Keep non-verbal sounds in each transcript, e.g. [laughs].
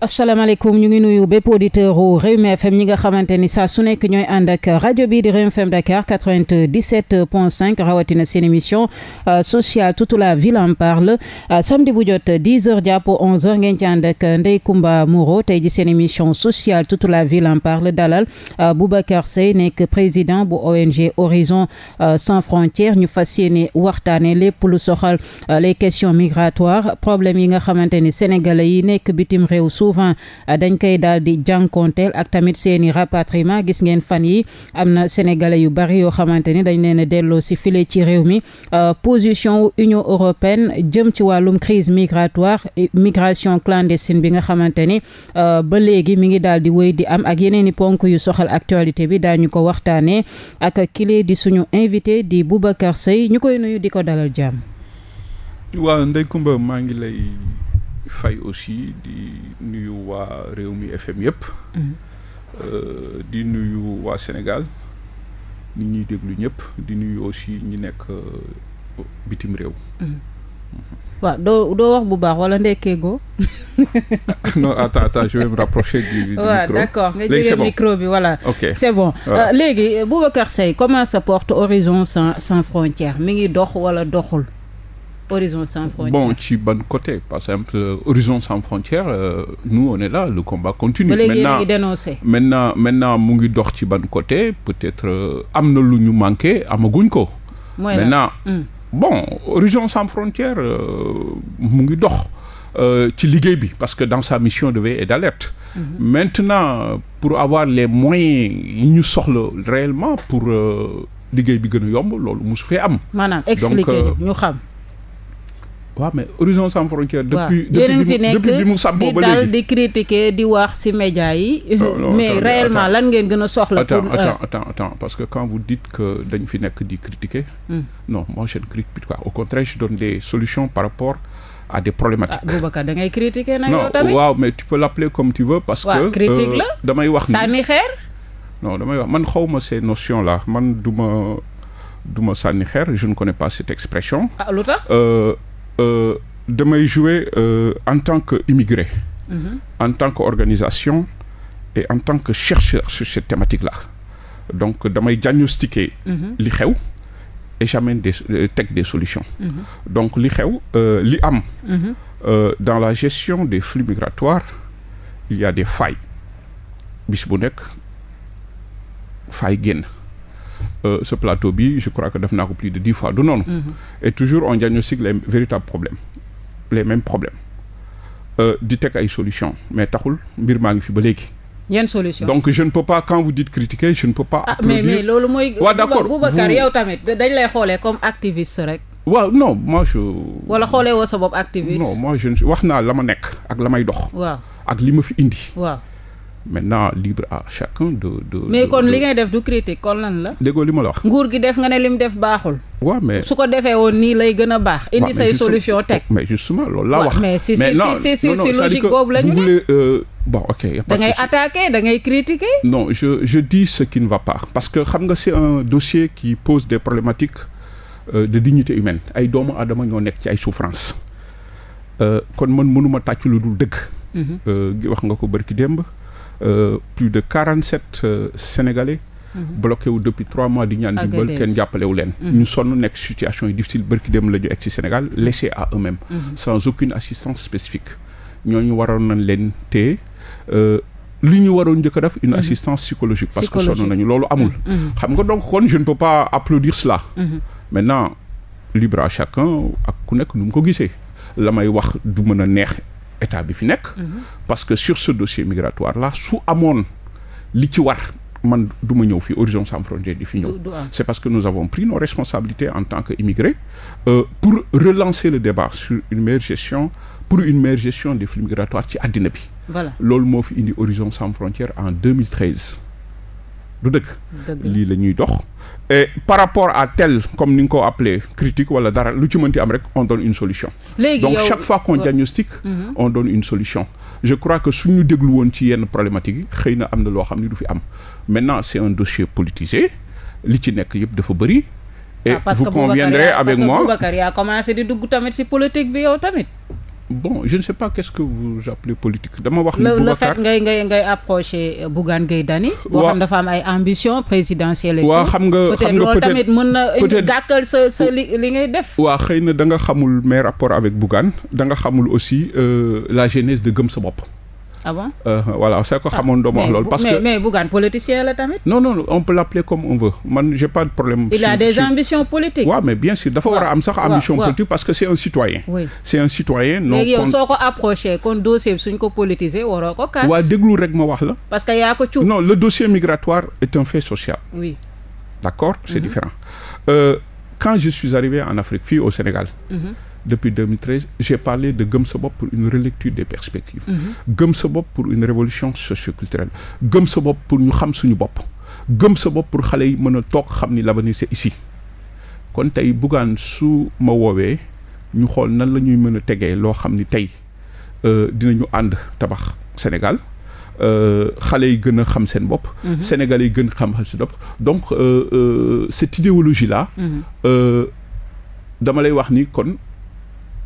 asalaamaaleykum ñu ngi nuyu bépp auditeur u Rewmi FM ñi nga xamante ni saa su nekk ñooy ànd ak rajo bi di Rewmi FM Dakar 97.5 rawatina seen émission euh, sociale toute la ville en parle euh, samedi bu jot 10 heures jàpp 11 heures ngeen ci ànd ak Ndeye Comba Moreau tey ji seen émission sociale toute la ville en parle dalal euh, Boubacar sey nekk président bu ONG Horizon sans frontières ñu fas yéene waxtaane lépp lu soxal les questions migratoires problème yi nga xamante ni sénégalais yi nekk bitim réew souvent euh, dañ koy daal di jànkonteel ak tamit seen i rapatriement gis ngeen fan yi am na sénégalais yu bari yoo xamante ni dañ leen a si file ci réew mi euh, position Union européenne jëm ci wàllum crise migratoire migration clandestine bi nga xamante ni euh, ba léegi mi ngi daal di wéy di am ak yeneen i ponk yu soxal actualité bi daañu ko waxtaanee ak kile di suñu invité di Boubacar Seye ñu koy nuyu di ko dalal jàmm. fay aussi di nuyu waa mi FM yëpp. Mm-hmm. Euh, di nuyu waa Sénégal nit ñuy déglu ñëpp di nuyu aussi ñu nekk euh, bitim réew. Mm-hmm. Mm-hmm. waa doo doo wax bu baax wala ndekkee go [laughs] non attends attends je rapprocher du, du d'accord nga jógee micro bi voilà ok c'est bon euh, léegi Boubacar Seye comment se porte Horizon sans sans frontières mi ngi dox wala doxul Horizon sans frontières bon ci ban côté par exemple Horizon sans frontières euh, nous on est là le combat continue. ba léegi yéen a maintenant mu ngi dox ci ban côté peut-être euh, am na lu ñu manqué amaguñ ko. mooy maintenant hmm. bon orison sans frontières euh, mu ngi dox ci liggéey bi parce que dans sa mission de veille et d'alerte. Mm -hmm. maintenant pour avoir les moyens yi ñu soxla réellement pour liggéey bi gën a yomb loolu mosu fee am. maanaam expliquer ñu xam. waaw mais horizon sans frontière. depuis depuis bi mu sàmpoo ba léegi di dal di ci média yi. mais réellement lan ngeen gën a soxla. pour euh, attends attends parce que quand vous dites que dañ fi nekk di critiquer. Hmm. no moi je ne critique au contraire je donne des solutions par rapport. à des problématiques. ah Boubacar da ngay critiquer nag yow tamit waaw mais tu peux l'appeler comme tu veux. parce que critique euh, la damay wax. sànni xeer. non damay wax man xaw ma ces notions la man du ma du ma sànni xeer je ne connais Euh, damay jouer euh, en tant que immigré mm-hmm. en tant que organisation et en tant que chercheur sur cette thématique la donc damay diagnostiquer mm-hmm. li xew et j'amène euh, teg des solutions mm-hmm. donc li xew li am dans la gestion des flux migratoires il y a des failles bis bu nekk failles génn euh, ce plateau bi je crois que def naa ko plus de dix fois du noonu mhm. et toujours on diagnostique les véritables problèmes les mêmes problèmes euh, di teg ay solution mais taxul mbir maa ngi fi ba léegi yenn solution donc je ne peux pas quand vous dites critiquer je ne peux pas. ah mais mais loolu mooy. waaw d'accord Boubacar yow tamit dañ lay xoolee comme activiste rek. waaw non moi je. wala xoolee woo sa bopp activiste. non moi je wax naa la ma nekk ak la may dox. ak li ma fi indi. maintenant libre à chacun de de. mais kon li ngay def du critique kon lan la. déggoo li ma la wax. nguur gi def nga ne lim def baaxul. waaw mais su ko defee woon nii lay gën a baax. indi say solution teg mais justement loolu laa wax. mais si si si si logique boobu la ne euh, bon ok y' a pas da ngay attaquer da ngay critiquer. non je je dis ce qui ne va pas parce que xam nga c'est un dossier qui pose des problématiques euh, de dignité humaine ay doomu aadama ñoo nekk ci ay souffrances euh, kon man mënuma tàcc lu dul dëgg. Mhm. wax nga ko barki démb. Euh, plus de quarante sept euh, sénégalais. Mhm. bloqué wu depuis trois mois di ñaan dimbal kenn jàppalewu leen mhm. ñu sonn nekk situation yi difficile bërki dem la ñu egg ci Sénégal à eux-mêmes mhm. sans aucune assistance spécifique ñu waroon nañ leen téye euh, li ñu waroon njëkk def une assistance psychologique parce que sonn nañu loolu amul xam nga donc kon je ne peux pas applaudir cela maintenant libra à chacun ak ku nekk nu mu ko gisee la may wax du mën a neex état bi fi nekk. Mhm. parce que sur ce dossier migratoire la su amoon li ci war. man du ma ñëw fi Horizon Sans Frontières di fi ñëw c'est parce que nous avons pris nos responsabilités en tant que immigrés euh, pour relancer le débat sur une meilleure gestion pour une meilleure gestion des flux migratoires ci àddina bi voilà loolu moo fi indi Horizon Sans Frontières en 2013 du dëgg lii la ñuy dox et par rapport à tel comme ni nga ko appelé critique wala dara lu ci mënti am rek on donne une solution léegi donc chaque fois qu'on diagnostique mhm. on donne une solution je crois que suñu déglu woon ci yenn problématique yi xëy na am na loo xam ni du fi am maintenant c'est un dossier politisé li ci nekk yëpp dafa bëri et ah, vous conviendrez avec moi parce que Boubacar yaa commencé di dugg tamit ci politique bi yow tamit bon je ne sais pas qu'est-ce que vous appelez politique dama wax. ni le fait ngay ngay ngay approché euh, Bougane Gueye Dany. boo xam dafa am ay ambition présidentielle. waaw xam nga xam nga peut-être tamit mën na gàkkal sa sa li li ngay def. waaw xëy na da nga xamul mais rapport avec Bougane da nga xamul aussi euh, la genèse de Gëm sa bopp. ah bon euh, voilà c'est ko ah, xamoon doomu wax loolu parce que mais Bougane politicien la tamit non non on peut l'appeler comme on veut j'ai pas de problème il sur, a des sur... ambitions politiques waaw ouais, mais bien sûr dafa war a am parce que c'est un citoyen c'est un citoyen non léegi ko approché kon dossier bi suñ ko politiser waroo ko kaas parce que yaa ko cuub non le dossier migratoire est un fait social oui d'accord c'est mhm. différent euh, quand je suis fii au Sénégal mhm. depuis 2013 j'ai parlé de gëm sa bopp pour une relecture des perspectives mhm. gëm sa bopp pour une révolution socioculturelle gëm sa bopp pour ñu xam suñu bopp gëm sa bopp pour xale yi mën a toog xam ni l'avenir c'est ici kon tey Bougane su ma woowee ñu xool nan la ñuy mën a tegee loo xam ni tey euh, dina ñu ànd tabax Sénégal euh, xale yi gën a xam seen bopp. Mhm. Sénégal yi gën xam seen bopp donc euh, euh, cette idéologie là. Mhm. Euh, dama lay wax ni kon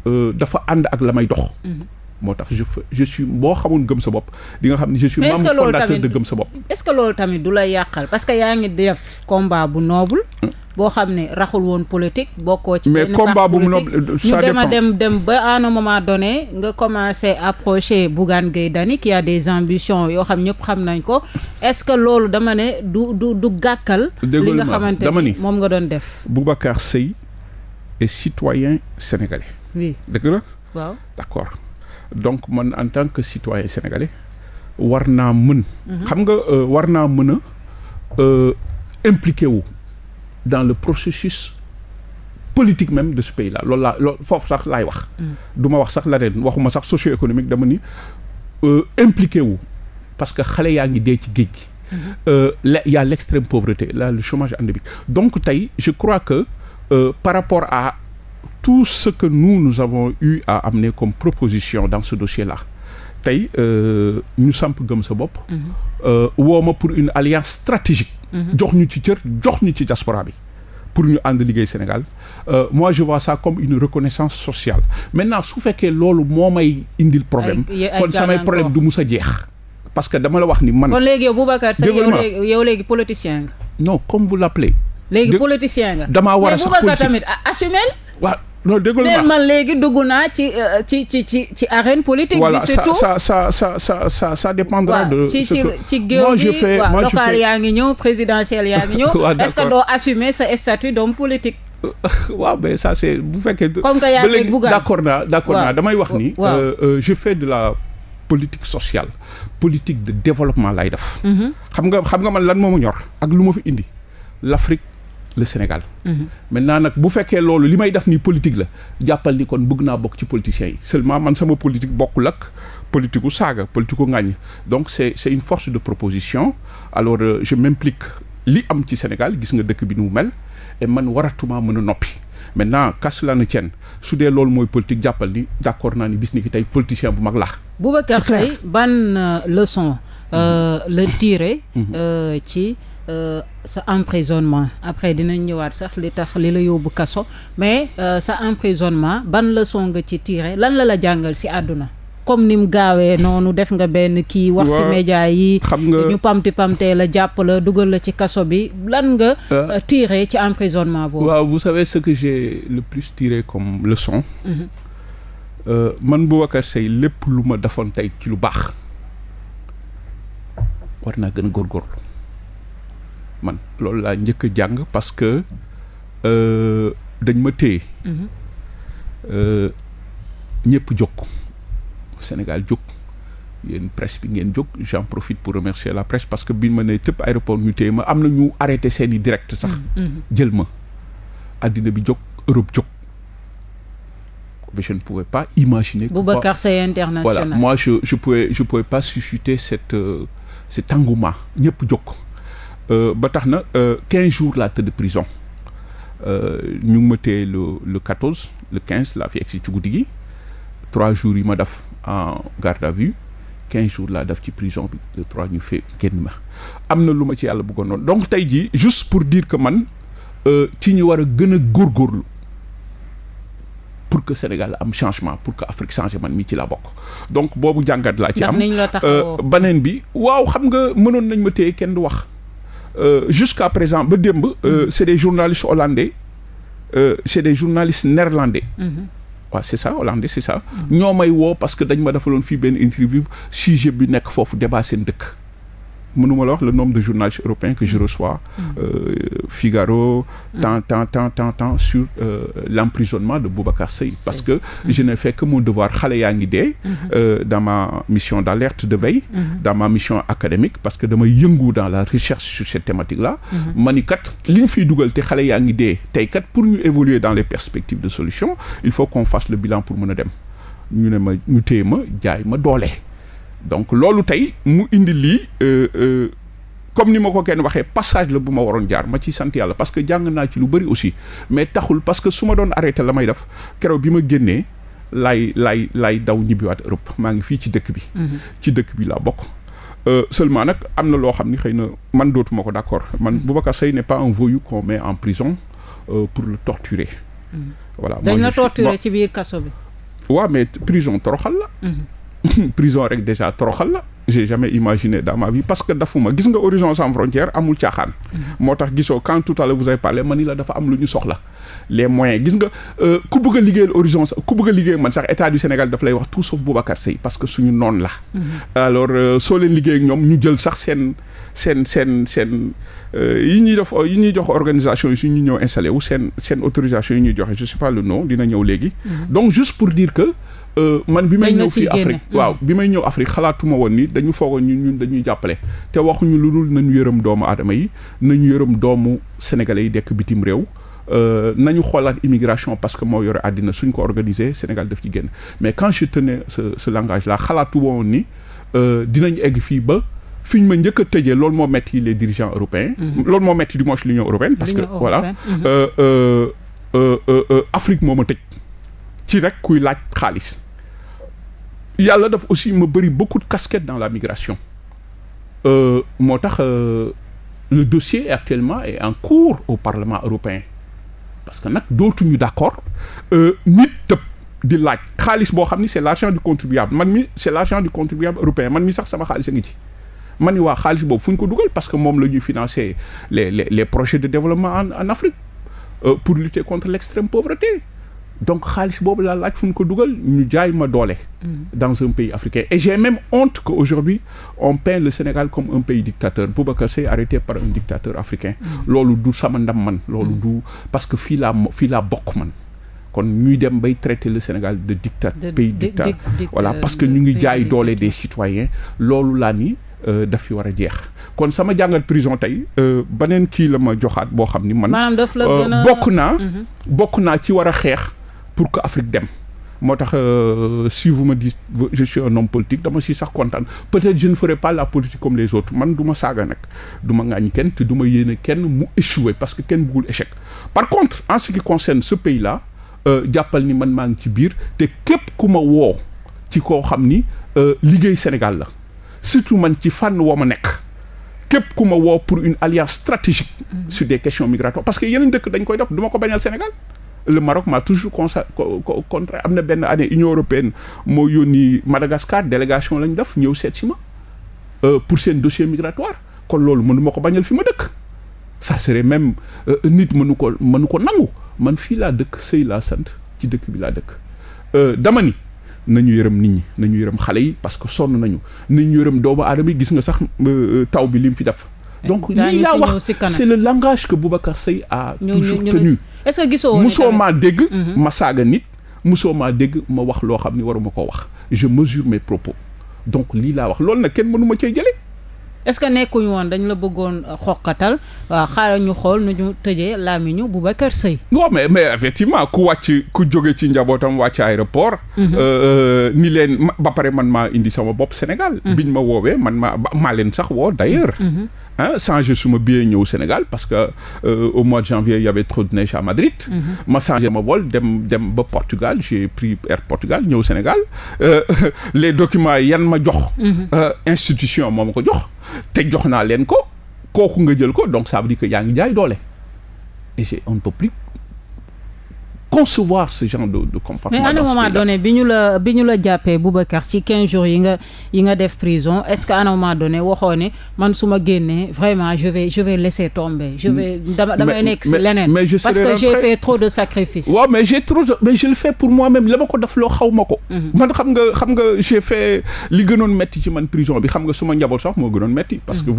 Euh, dafa ànd ak la may dox. Mhm. moo tax je je suis boo xamoon gëm sa bopp di nga xam ne je suis membre fondateur de gëm sa bopp. est-ce que loolu tamit du la yàqal parce que yaa ngi def combat bu noble. boo xam ne raxul woon politique bokkoo ci. mais combat bu noble euh, ça dépend dem dem ba à un moment donné nga commencé approcher Bougane Gueye Dany qui a des ambitions yoo xam ñëpp xam nañ ko est-ce que loolu dama ne du du du gàkkal. li nga xamante ni moom nga doon def. Boubacar Seye est citoyen sénégalais. oui dëgg la. waaw donc man en tant que citoyen sénégalais war naa mën. Mhm. xam nga euh, war naa mën a euh, impliqué wu dans le processus. politique même de ce pays là loolu laa foofu sax laay wax mm. duma wax sax la ren waxuma sax socio-économique dama ni euh, impliqué wu parce que xale yaa ngi dee ci géej gi mhm. la y a l'extrême pauvreté là le chômage endémique donc tey je crois que euh, par rapport à tout ce que nous nous avons eu à comme proposition dans ce dossier la tey euh, ñu samp gëm sa bopp. Mhm. Euh, woo ma pour une alliance stratégique. Mhm. jox ñu ci cër jox ñu ci diaspora bi. pour ñu ànd liggéey Sénégal euh, moi je vois ça comme une reconnaissance sociale maintenant su fekkee loolu moo may indil problème kon samay problème du mus a jeex parce que dama la wax ni man kon léegi yow Boubacar yow léegi politicien nga non comme vous l'appelez léegi politicien nga damaa non man léegi dugg naa ci euh, ci ci ci ci arène politique. voilà ça ça ça ça ça ça ça dépendra de. ci ci ci local yaa ngi ñëw présidentiel yaa ngi ñëw. [laughs] est-ce que doo assumer sa statut d'homme politique. waaw [laughs] mais ça c'est bu fekkee. comme que yaa ngi bugg d'accord naa damay wax ni. Euh, euh, je fais de la politique sociale politique de développement lay def. Mm-hmm. xam nga xam nga ma lan moo ma ñor. ak lu ma fi indi l'Afrique. le Sénégal. Mhm. maintenant nag bu fekkee loolu li may def nii politique la jàppal ni kon bëgg naa bokk ci politiciens yi seulement man sama politique bokkul ak politique u saaga politique u ŋàññ donc c' est c' est une force de proposition alors euh, je m' li am ci Sénégal gis nga dëkk bi nu mu mel et man waratuma mën a noppi. maintenant qu'à lan ne tienne su dee loolu mooy politique jàppal ni d' naa ni bis ni ki tey politicien bu mag laax. Boubacar Seye ban euh, leçon euh, la tiré. Mhm. ci. Euh, sa emprisonnement après dinañ ñëwaat sax li tax li la yóbbu kaso mais euh, sa emprisonnement ban leçon nga ci tiire lan la la jàngal si àdduna comme ni mu gaawee noonu def nga benn kii wax ci média yi xam nga ñu pamti pamtee la jàpp la dugal la ci kaso bi lan nga euh, tiré ci emprisonnement boobu waaw vous savez ce que j'ai le plus tiré comme leçon mhm. man Boubacar Seye lépp lu ma defoon tey ci lu baax war naa gën a góorgóorlu man loolu laa njëkk jàng parce que euh, dañ ma téye. Mhm. Euh, ñëpp jóg Sénégal jóg yéen presse bi ngeen jóg j'en profite pour remercier la presse parce que bi ma ne tëpp aéroport ñu téye ma am na ñu arrêté seeni direct sax mhm. Mhm. jël ma addina bi jóg Europe jóg mais je ne pouvais pas imaginer Boubacar Seye international voilà moi je je pouvais je pouvais pas susciter cette euh, cet engouement ñëpp jóg Euh, ba tax na euh, quinze jours laa tëdd prison euh, ñu ngi ma téye le le quatorze le quinze laa fi egsi ci guddi gi trois jours yi ma def en garde à vue quinze jours laa def ci prison bi le trois ñu fee génn ma am na lu ma ci yàlla buggoon noonu donc tey jii juste pour diir que man ci ñu war a gën a góor góorlu pour que Sénégal am changement pour que Afrique changé man mi ci laa bokk donc boobu jàngat laa ci am baneen bi waaw xam nga mënoon nañ ma téye kenn du wax Euh, jusqu'à présent ba démb euh, mm-hmm. c'est des journalistes hollandais euh, c'est des journalistes néerlandais waaw mm-hmm. c'est ça hollandais c'est ça mm-hmm. ñoo may woo parce que dañ ma defaloon fii benn interview sujet bi nekk foofu débat seen dëkk mënuma la wax le nombre de journalistes européens que je mm. reçois mm. euh, Figaro mm. tant tant tant tant tant sur euh, l'emprisonnement de Boubacar Sèye parce que je n'ai fait que mon devoir xale yaa ngi dee mm-hmm. euh, dans ma mission d'alerte de veille mm-hmm. dans ma mission académique parce que damay yëngu dans la recherche sur cette thématique la mm-hmm. ma ni kat li ñu fiy dugal te xale yaa ngi dee tey kat pour ñu évoluer dans les perspectives de solution il faut qu'on fasse le bilan pour mën a dem ñu ne ma ñu téye ma jaay ma doole donc loolu tey mu indi lii euh, euh, comme ni ma ko kenn waxee passage la bu ma waroon jaar ma ci sant yàlla parce que jàng naa ci lu bëri aussi mais taxul parce que su doon arrêté la may def keroog bi ma génnee laay laay laay daw ñibbiwaat Europe maa ngi fii ci dëkk bi. Mhm. ci dëkk bi laa bokk. Euh, seulement nag am na loo xam ni xëy na man dootuma ko d' accord man mhm. Boubacar Seye n' ne pas un voyou qu'on en prison euh, pour le torturer. Mhm. voilà dañ la torturer ci biir kaso bi. waaw mais prison toroxal la. [coughs] prison rek déjà troxal la j'ai jamais imaginé dans ma vie parce que dafuma gis nga horizon sans frontières amul caaxaan. Mm-hmm. moo tax gisoo quand tout à vous avez parlé ma ni la dafa am lu ñu soxla. les moyens gis nga euh, ku bëgg a liggéeyal horizon ku bëgg liggéey man sax état du Sénégal daf lay wax tout sauf Boubacar Seye parce que suñu noonu la. Mm-hmm. alors euh, soo leen liggéey ñoom ñu jël sax seen seen seen seen euh, yi ñuy def yi ñuy jox organisation yi su ñu ñëw installé wu seen seen autorisation yi ñuy joxe je sais pas le nom dina ñëw léegi. Mm-hmm. donc juste pour dire que man bi may ñu foogoon ñun ñun dañuy jàppale te waxuñu lu dul nañu yërëm doomu aadama yi nañu yërëm doomu sénégalais yi dekk bitim réew euh, nañu xoolaat immigration parce que moo yore àddina suñ ko organisé Sénégal def ci génn mais quand je tenais ce ce langage là xalaatu woon ni euh, dinañ egg fii ba fi ñu ma njëkk a tëjee loolu moo metti les dirigeants européens. Mm-hmm. loolu moo metti du moins l'union européenne. parce que voilà mm-hmm. euh, Afrique moom a tëj ci rek kuy laaj xaalis. yàlla daf aussi ma bëri beaucoup de casquettes dans la migration euh, moo tax euh, le dossier actuellement est en cours au Parlement européen parce que na nag dootuñu d'accord euh, nit tëb di laaj xaalis boo xam ni c'est l'argent du contribuable man mi c'est l'argent du contribuable européen man mi sax sama xaalis a ngi ci man ni waa xaalis boobu fu ko dugal parce que moom la ñuy financer les les les projets de développement en en Afrique euh, pour lutter contre l'extrême pauvreté donc xaalis boobu laa laaj fu mu ko dugal ñu jaay ma doole. Mm. dans un pays africain et j'ai même honte que aujourd'hui on peint le Sénégal comme un pays dictateur Boubacar Sèye arrêté par un dictateur africain. Mm. loolu du sama ndam man. loolu mm. du parce que fii laa fii laa bokk man. kon ñuy dem bay traité le Sénégal de dictat pays dictat voilà parce que euh, ñu ngi jaay doole des citoyens loolu laa nii euh, daf war a jeex kon sama jàngal prison tey euh, beneen kii la ma joxaat boo xam ni man bokk naa mhm. bokk naa ci war a xeex pour que Afrique dem moo tax euh, si vous me dites je suis un homme politique dama si sax kontaan peut-être je ne ferai pas la politique comme les autres man du ma saaga nag du ma ŋaañ kenn te du ma yéene kenn mu échouer parce que kenn bëggul échec par contre en ce qui concerne ce pays là euh, jàppal ni man maa ngi ci biir te képp ku ma woo ci koo xam ni euh, liggéey Sénégal la surtout man ci fànn woo ma nekk képp ku ma woo pour une alliance stratégique mm-hmm. sur des questions migratoires parce que yeneen dañ koy def du ko bañal Sénégal le Maroc m'a toujours consa contrat am na benn année Union européenne moo yónni Madagascar délégation lañ def ñëw seet si ma euh, pour seen dossier migratoire kon loolu mënu ma ko bañal fi ma dëkk ça serait même euh, nit mënu ko mënu ko nangu man fii laa dëkk sëy laa sant ci dëkk bi laa dëkk euh, dama ni nañu yërëm nit ñi nañu yërëm xale yi parce que sonn nañu nañu yërëm doomu aadama yi gis nga sax taw bi lim fi def donc lii laa wax c'est le langage que Boubacar Seye a toujours tenu est-ce que gisoo musoo maa dégg mhm. ma saaga nit musoo maa dégg ma wax loo xam ni waruma ko wax je mesure mes propos donc lii laa wax loolu nag kenn mënuma cee jëlee est-ce que nekkuñu woon dañu la bëggoon euh, xoqatal waaw xaaral ñu xool nu ñu tëjee làmmiñu Boubacar Seye non mais mais effectivement ku wàcc ku jóge ci njabootam wàcc aéroport mhm. euh, euh, ni leen ba pare man maa indi sama bopp Sénégal mhm. biñ ma woowee man maa maa leen sax woo d'ailleurs ah changé suma billet ñëw Sénégal parce que euh, au mois de janvier il y avait trop de neige à Madrid. Mm-hmm. ma changé ma vol dem ba Portugal j'ai pris Air Portugal ñëw Sénégal euh, [laughs] les documents ma jox. Mm-hmm. Euh, institution moo ma ko jox te jox na leen ko kooku nga jël ko donc ça veut dire que yaa ngi jaay doole et on ne peut concevoir ce genre de, de comportement. mais à un moment donné bi ñu la bi ñu la jàppee jours yi nga def prison est-ce que à un moment donné waxoo man su ma génnee vraiment je vais laisser tomber. je vais dama damay leneen. parce que j'ai fait trop de sacrifices. mais j'ai trop de mais je le fais pour moi-même la ma ko def loo xaw ma ko. Mhm. man xam nga j'ai fait li gënoon metti ci man prison bi xam nga suma njaboot sax moo gënoon metti. parce mhm.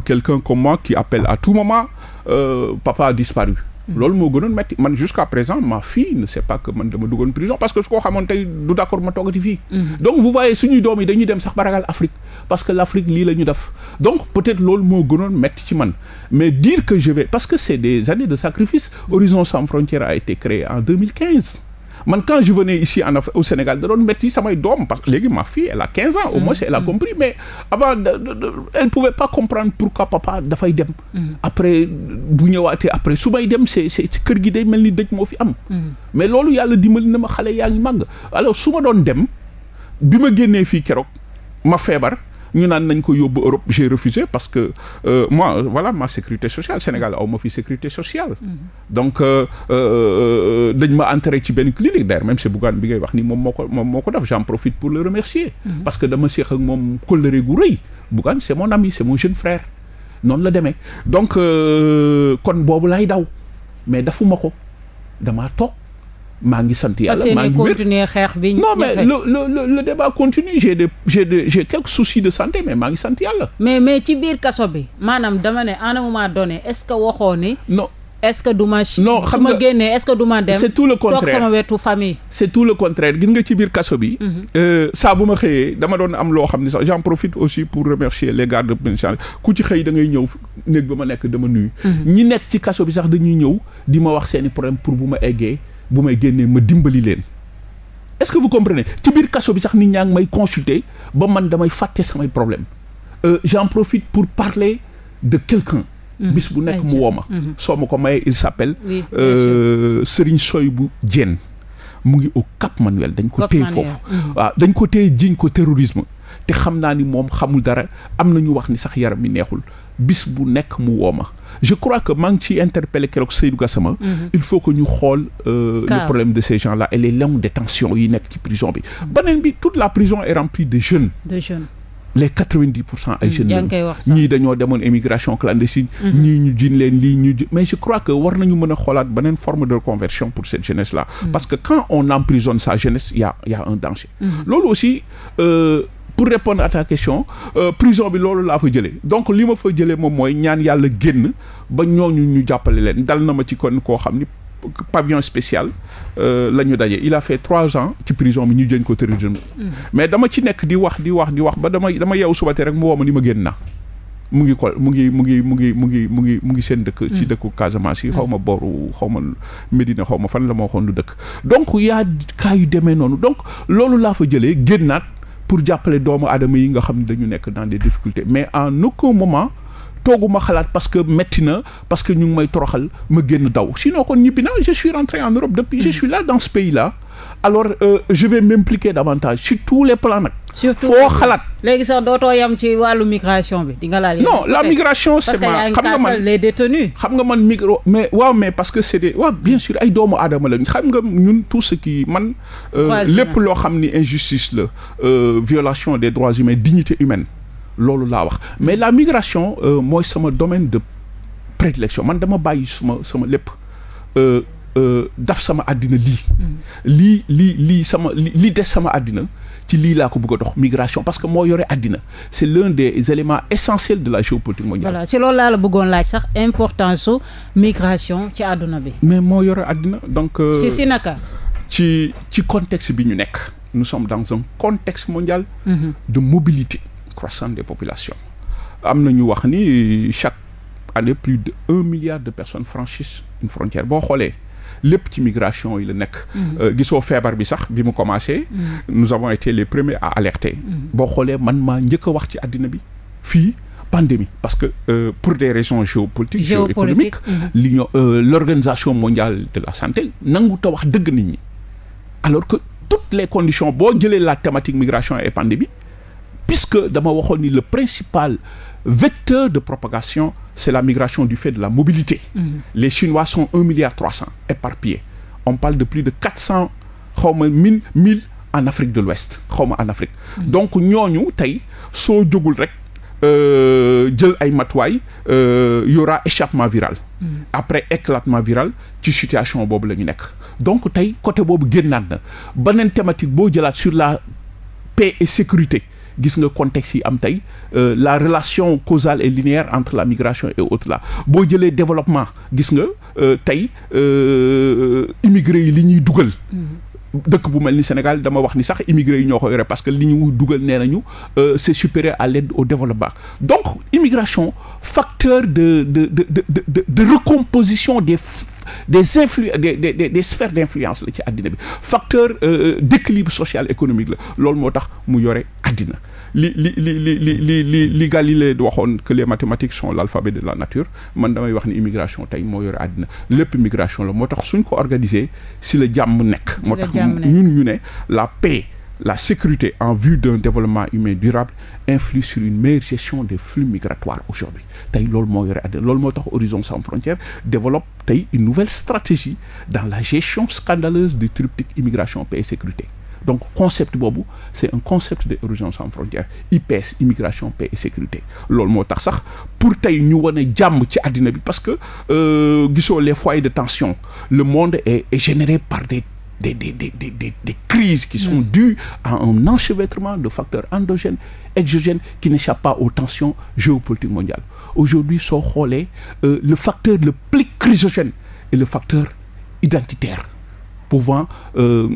que Euh, papa a disparu. Hmm. loolu moo gënoon metti jusqu'à présent ma fille ne sait pas que man dama duggoon prison parce que su ko xamoon tey du d'accord ma toogati fii hmm. donc vous voyez suñuy doom yi dañuy dem sax ba ragal parce que l'Afrique lii la ñu donc peut loolu moo gënoon metti ci man mais dire que je vais parce que c'est des années de sacrifice Horizon sans frontières a été créé en man quand je venais ici en Afrique au Sénégal da doon métti samay doom parce que léegi ma fille elle a 15 ans. au moins elle a mm-hmm. compris mais avant de, de, de, elle pouvait pas comprendre pourquoi papa dafay dem. Mm-hmm. après bu ñëwaatee après su may dem c'est c'est kër gi day mel ni dëj moo fi am. Mm-hmm. mais loolu yàlla dimbali na ma xale yaa ngi màgg alors su ma doon dem bi ma génnee fii keroog ma feebar. ñu naan nañ ko yóbbu Europe j'ai refusé parce que euh, moi euh, voilà ma sécurité sociale Sénégal aw ma fi sécurité sociale mm-hmm. donc euh, euh, dañ ma entré ci benn clinique d'ailleurs même c'est Bougane bi ngay wax ni moom moo ko moom moo ko def j'en profite pour le remercier mm-hmm. parce que dama séex moom kóllëre gu rëy Bougane c'est mon ami c'est mon jeune frère noonu la demee donc kon boobu lay daw mais dafuma ko dama toog maa ngi sant yàlla maa ngi continuer xeex mais mais sant yàlla mais mais ci biir kaso bi maanaam dama ne à un moment donné est-ce que waxoo ni non est-ce que du ma xam nga su ma génnee est-ce que du ma dem c'est tout le contraire toog sama wetu famille c'est tout le contraire gis nga ci biir kaso bi mhm. euh, saa bu ma xëyee dama doon am loo xam ne sax j'en profite aussi pour remercier les gardes pénitentiaires ku ci xëy da ngay ñëw néeg ba ma nekk dama nuyu mhm. ñi nekk ci kaso bi sax dañuy ñëw di ma wax seeni problème pour bu ma eggee bu may génnee ma dimbali leen est-ce que vous comprenez ci biir kaso bi sax nit ñaa ngi may consulter ba man damay fàtte samay problème euh, j'en profite pour parler de quelqu'un mmh. bis bu nekk mu woo ma mmh. soo ma ko mayee il s'appelle euh, Serigne bu Diène mu ngi au Cap Manuel dañ ko téye foofu mmh. waaw dañ ko téye jiñ ko terrorisme te xam naa ni moom xamul dara am na ñu wax ni sax yaram mi neexul bis bu nekk mu woo je crois que maa ngi ciy interpellé keroog Seydou Gassama. Mhm. il faut que ñu xool. Euh, le problème de ces gens là et les longues détentions yi nekk ci prison bi. Mhm. beneen bi toute la prison est remplie de jeunes. de ay mhm. jeunes ñii dañoo demoon émigration clandestine ñii ñu jin lii ñu mais je crois que war nañu mën a xoolaat beneen forme de conversion pour cette jeunesse là parce que quand on emprisonne sa jeunesse y a un danger pour répondre à ta question euh, prison bi loolu laa fa jëlee donc li ma fa jëlee moom mooy ñaan yàlla génn ba ñooñu ñu jàppale leen dal na ma ci kon koo xam ni pavillon spécial euh, la ñu daje il a fait trois ans ci prison bi ñu jën ko terrorisme mm. mais dama ci nekk di wax di wax di wax ba dama dama yeewu subate rek mu woo ma ni ma génn na mu ngi kol mu ngi mu ngi mu ngi mu ngi mu ngi mu ngi seen dëkk. Mm. ci dëkku Casamance yi mm. xaw ma booru xaw ma Medina xaw ma fan la ma waxoon du dëkk. donc yaa kaa yu demee noonu donc loolu laa fa jëlee génnaat. pour jàppale doomu aadama yi nga xam ne dañu nekk dans des difficultés mais en aucun moment tooguma xalaat parce que metti na parce que ñu ngi may toroxal ma génn daw sinon kon ñibbi naa je suis rentré en Europe depuis je mm-hmm. suis là dans ce pays alors euh, je vais m'impliquer davantage sur tous les plans nag. surtout foo xalaat. léegi sax dootoo yam ci wàllu migration bi di nga la migration c'est ma xam nga man les détenus. xam nga man micro mais waaw mais parce que c'est des waaw bien sûr ay doomu aadama lañ xam nga ñun tout ce qui man. Euh, lépp loo xam ni injustice la euh, violation des droits humains dignité humaine loolu laa wax mm. mais la migration euh, mooy sama domaine de prédilection man dama bàyyi suma sama lépp. Euh, daf sama àddina lii. lii lii lii sama lii des sama àddina ci lii laa ko bëgg a dox migration parce que moo yore àddina c' est l'un des éléments essentiels de la géopolitique mondiale. voilà si loolu laa la bëggoon laaj sax importance migration ci àdduna bi. mais moo yore addina donc. Euh, si si naka. ci ci contexte bi ñu nekk. nous sommes dans un contexte mondial. Mmh. de mobilité croissante des populations. am na ñu wax ni chaque année plus de un milliard de personnes franchissent une boo xoolee. lépp ci migration yi la nekk. Mm-hmm. Euh, gisoo feebar bi sax bi mu commencé. Mm-hmm. nous avons été les premier à alerte mm-hmm. boo xoolee man maa njëkk a wax ci àddina bi fii. pandémie parce que euh, pour des raisons géopolitiques géoéconomiques l'union euh, l'organisation mondiale de la santé nangu ta wax dëgg nit ñi alors que toutes les conditions boo jëlee la thématique migration et pandémie puisque dama waxoon ni le principal vecteur de propagation c'est la migration du fait de la mobilité mm. les chinois sont un milliard cent éparpillés on parle de plus de quatre cent xawma mille mille en Afrique de l'Ouest xawma en Afrique mm. donc ñooñu tey soo jógul rek euh, jël ay matuwaay euh, y aura échappement viral mmh. après éclatement viral ci situation boobu la ñu nekk donc tey côté boobu génnaat na beneen thématique boo jëlaat sur la paix et sécurité gis nga contexte yi am tey euh, la relation causale et linéaire entre la migration et autres là boo jëlee développement gis nga euh, tey euh, immigré yi li ñuy dugal mm-hmm. dëkk bu mel ni Sénégal dama wax ni sax immigré yi ñoo ko yore parce que li ñu dugal nee nañu c'est supérieur à l'aide au développement donc immigration facteur de de de de de de recomposition des des influ des des des sphères d'influence la ci àddina bi facteur euh, euh, d'équilibre social économique la loolu moo tax mu yore àddina li li li li li li li li Galilée waxoon que les mathématiques sont l'alphabet de la nature man damay wax ni immigration tey moo yore àddina lépp immigration la moo tax suñ ko organiser si la jàmm nekk moo tax ñun ñu ne la paix la sécurité en vue d'un développement humain durable influe sur une meilleure gestion des flux migratoires aujourd'hui tey loolu moo yore moo tax Horizon sans frontières développe tey une nouvelle stratégie dans la gestion scandaleuse du triptyque immigration paix et sécurité donc concept boobu c'est un concept de Horizon sans frontières IPS immigration paix et sécurité loolu moo tax sax pour tey ñu wane jàmm ci àddina bi parce que euh, gisoo les foyers de tension le monde est, est généré par des, des, des, des crises qui sont mm. dues à un enchevêtrement de facteurs endogènes, exogènes, qui n'échappent pas aux tensions géopolitiques mondiales. Aujourd'hui, soo xoolee euh, le facteur le plus crisogène et le facteur identitaire, pouvant euh,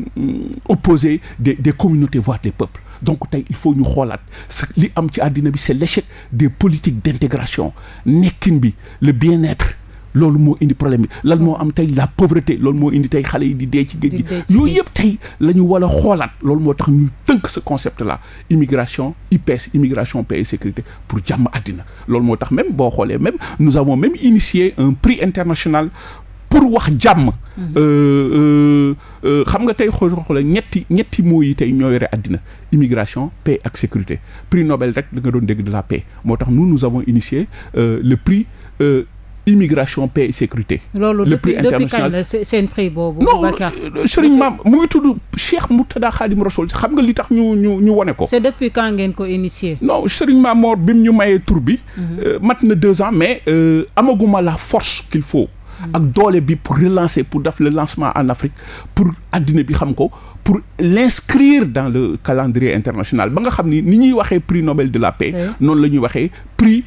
opposer des des communautés, voire des peuples. donc il faut ñu xoolaat li am ci àddina bi c'est l'échec des politiques d'intégration nekkin bi le bien loolu moo indi problème bi lan moo am tey la pauvreté loolu moo indi tey xale yi di dee ci géej gi yooyu yëpp tey lañu ñu war a xoolaat loolu moo tax ñu tënk ce concept là immigration IPS e immigration sécurité pour jàmm àddina loolu moo tax même boo xoolee même nous avons même initié un prix pour wax jàmm mm-hmm. euh, euh, euh, xam nga tey xool ñetti ñetti mots yi tey ñoo yore àddina immigration paix ak sécurité prix Nobel rek da nga doon dégg de la paix moo tax nous nu avons initié le prix immigration paix et sécurité. loolu depuis depuis seen prix boobu. Bakar non euh, Serigne mu ngi tudd Cheikh Moutada Khadim Rasoul xam nga li tax ñu ñu ñu wane ko. c'est depuis quand ngeen ko initié. no Serigne Maam Mor bi mu ñu mayee tur bi. Mhm. Euh, mat na deux ans mais euh, amaguma la force qu'il faut. Mhm. ak doole bi pour relancer pour def le lancement en Afrique pour addina bi xam ko pour l'inscrire dans le calendrier international ba nga xam ni ni ñuy waxee prix Nobel de la paix. noonu la ñuy waxee prix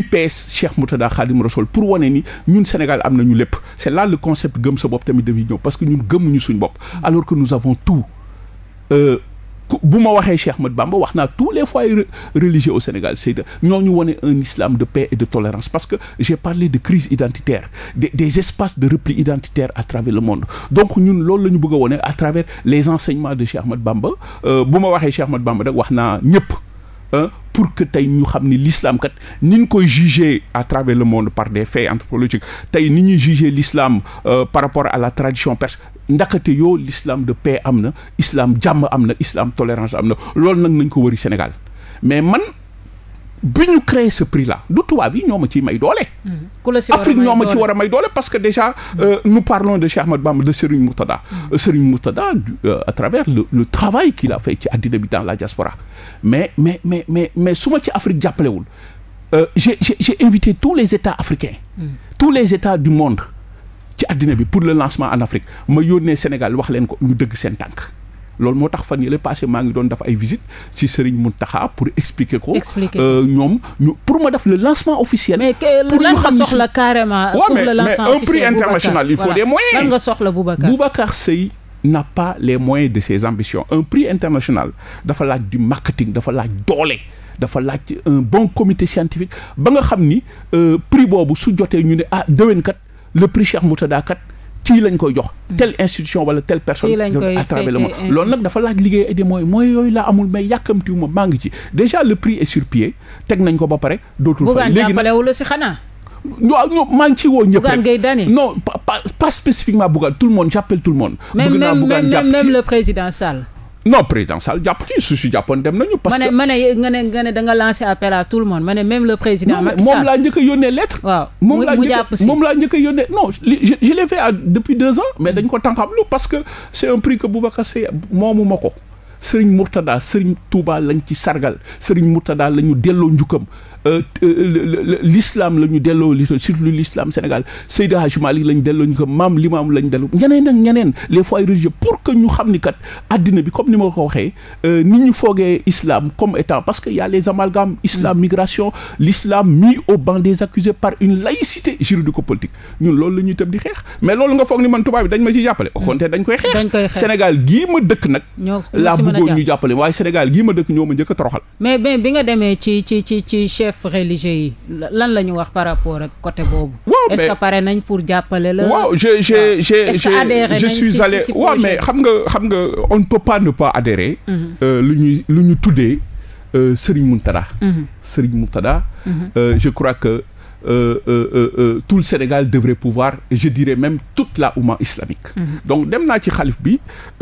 IPS Cheikh Moutada Khadim Rassoul pour wane ni ñun Sénégal am nañu lépp c'est là le concept gëm sa bopp tamit dafay ñëw parce que ñun gëmuñu suñu bopp alors que nous avons tout euh, bu ma waxee Cheikh Ahmad Bamba wax naa tous les foyers religieux au Sénégal c'est ñoo ñu wone un islam de paix et de tolérance parce que j'ai parlé de crise identitaire des, des espaces de repli identitaire à travers le monde donc ñun loolu la ñu bëgg a wone à travers les enseignements de Cheikh Ahmad Bamba euh, bu ma waxee Cheikh Ahmad Bamba nag wax naa ñëpp pour que tey ñu xam ni l'islam kat ni ñu koy juger à travers le monde par des faits anthropologiques tey ni ñuy juger l'islam euh, par rapport à la tradition perse ndakate yoo l'islam de paix am na islam jàmm am na islam tolérance am na loolu nag nañ ko wëri Sénégal mais man bi ñu créé ce prix là du tubaab yi ñoo ma ciy may doole. Hmm. Afrique ñoo ma ci war a may doole parce que déjà hmm. euh, nous parlons de Cheikh Ahmad Bamba de Serigne Moutada. Mm. Serigne Moutada euh, à travers le le travail qu'il a ci àddina bi dans la diaspora mais mais mais mais mais su ma ci Afrique jàppalewul euh, j'ai j'ai j'ai invité les États africains. Mm. les États du monde ci àddina bi pour le lancement en Afrique ma yónnee Sénégal wax leen ko ñu dëgg seen tànk. loolu moo tax fan yële passé maa ngi doon def ay visite ci mu taxa pour expliquer ko. expliquer euh, ñoom ñu pour ma def le lancement officiel. pour lan nga soxla carrément. pour le lancement officiel mais un prix international il faut des moyens. lan nga soxla Boubacar Boubacar Seye n'a pas les moyens de ses ambitions un prix international dafa laaj du marketing dafa laaj doole. dafa laaj un bon comité scientifique ba nga xam ni euh, prix boobu su jotee ñu ne ah déwén kat le prix Cheikh Moutada kat. kii lañ koy jox mm. telle institution wala telle personne à travers le monde loolu nag dafa laaj liggéey ay des moyens mooy yooyu laa amul mais yàkkamtiwu ma maa ci déjà le prix est sur pied teg nañ ko ba pare dootul fa léegi waaw maa ngi ci woo ñëpp Bougane Gueye Dany non pas pas spécifiquement Bougane tout le monde j'appelle tout le monde. bëgg naa Bougane jàpp président Sall. non président Sall jàpp ci su si jàppoon dem nañu. parce que ma ne ma ne nga ne da nga lancé appel à tout le monde ma ne même le président. Macky Sall moom laa njëkk a yónnee lettre. waaw moom laa a yónnee non je je l'ai fait depuis deux ans. mais mm. dañ ko tànqamlu parce que c'est un prix que Boubacar Seye moomu ma ko. Serigne Mourtada Serigne Touba lañ ci sargal Serigne Mourtada la ñu delloo njukkam Euh, euh, l'islam la ñu delloo li surtout l'islam Sénégal Seydi Hadj Malick lañ delloo ñu ko maam limaam lañ delloo ñeneen ak ñeneen les foyers religieux pour que ñu xam ni kat addina bi comme ni ma ko waxee euh, ni ñu foogee islam comme étant parce que y a les migration l'islam mis au banc des accusés par une laïcité juridico-politique ñun loolu la ñuy di xeex mais loolu nga foog ni man tubaab bi dañ ma ciy jàppale au contraire dañ koy xeex Sénégal ma chef religieux yi lan la ñu wax par rapport ak côté boobu. waaw est-ce que pare nañ pour jàppale la. waaw j'ai j'ai j'ai est je suis allé waaw mais xam nga xam nga on ne peut pas ne pas adhérer. Mm-hmm. Euh, lu ñuy lu ñu tuddee euh, Serigne Mountada. Mm-hmm. Serigne Mountada. Mm-hmm. Euh, je crois que. Euh euh, euh, euh, tout le Sénégal devrait pouvoir je dirais même tout la oumma islamique mm donc dem naa ci xalif bi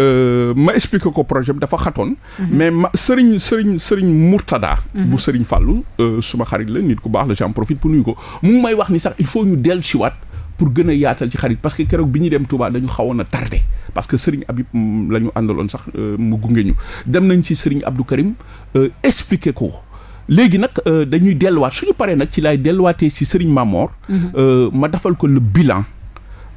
euh, ma expliqué ko projet bi dafa xatoon mhm. mais ma sëriñ sëriñ sëriñ Mourtada mhm. bu sëriñ Fàllu suma xarit la nit ku baax la j'en profite pour ñu ko mu may wax ni sax il faut ñu dellu siwaat pour gën a yaatal ci xarit parce que keroog bi ñuy dem Touba dañu xawoon a tardé parce que Serigne Habib mm, la ñu àndaloon sax mu gunge ñu dem nañ ci Serigne Abdou Karim expliquer ko léegi nag euh, dañuy delluwaat suñu paree nag ci laay delluwaatee ci Serigne Mamor. Mhm. Euh, ma defal ko le bilan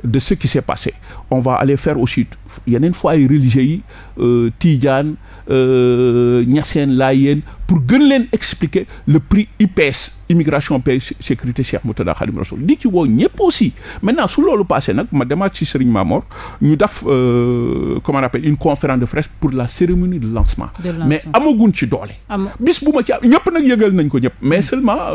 de ce qui s'est passé on va aller faire aussi yeneen foyer religieux yi Euh, Tidiane euh, Niassène Layène pour gën leen expliquer le prix IPS immigration paix sécurité Cheikh Moutada Khadim Rasoul di ci woo ñëpp aussi maintenant su loolu passé nag ma demaat ci Serigne Mamor ñu def euh, comment on appelle une conférence de presse pour la cérémonie de lancement mais amaguñ ci doole bis bu ma ci am ñëpp nag yëgal nañ ko ñëpp mais mm. seulement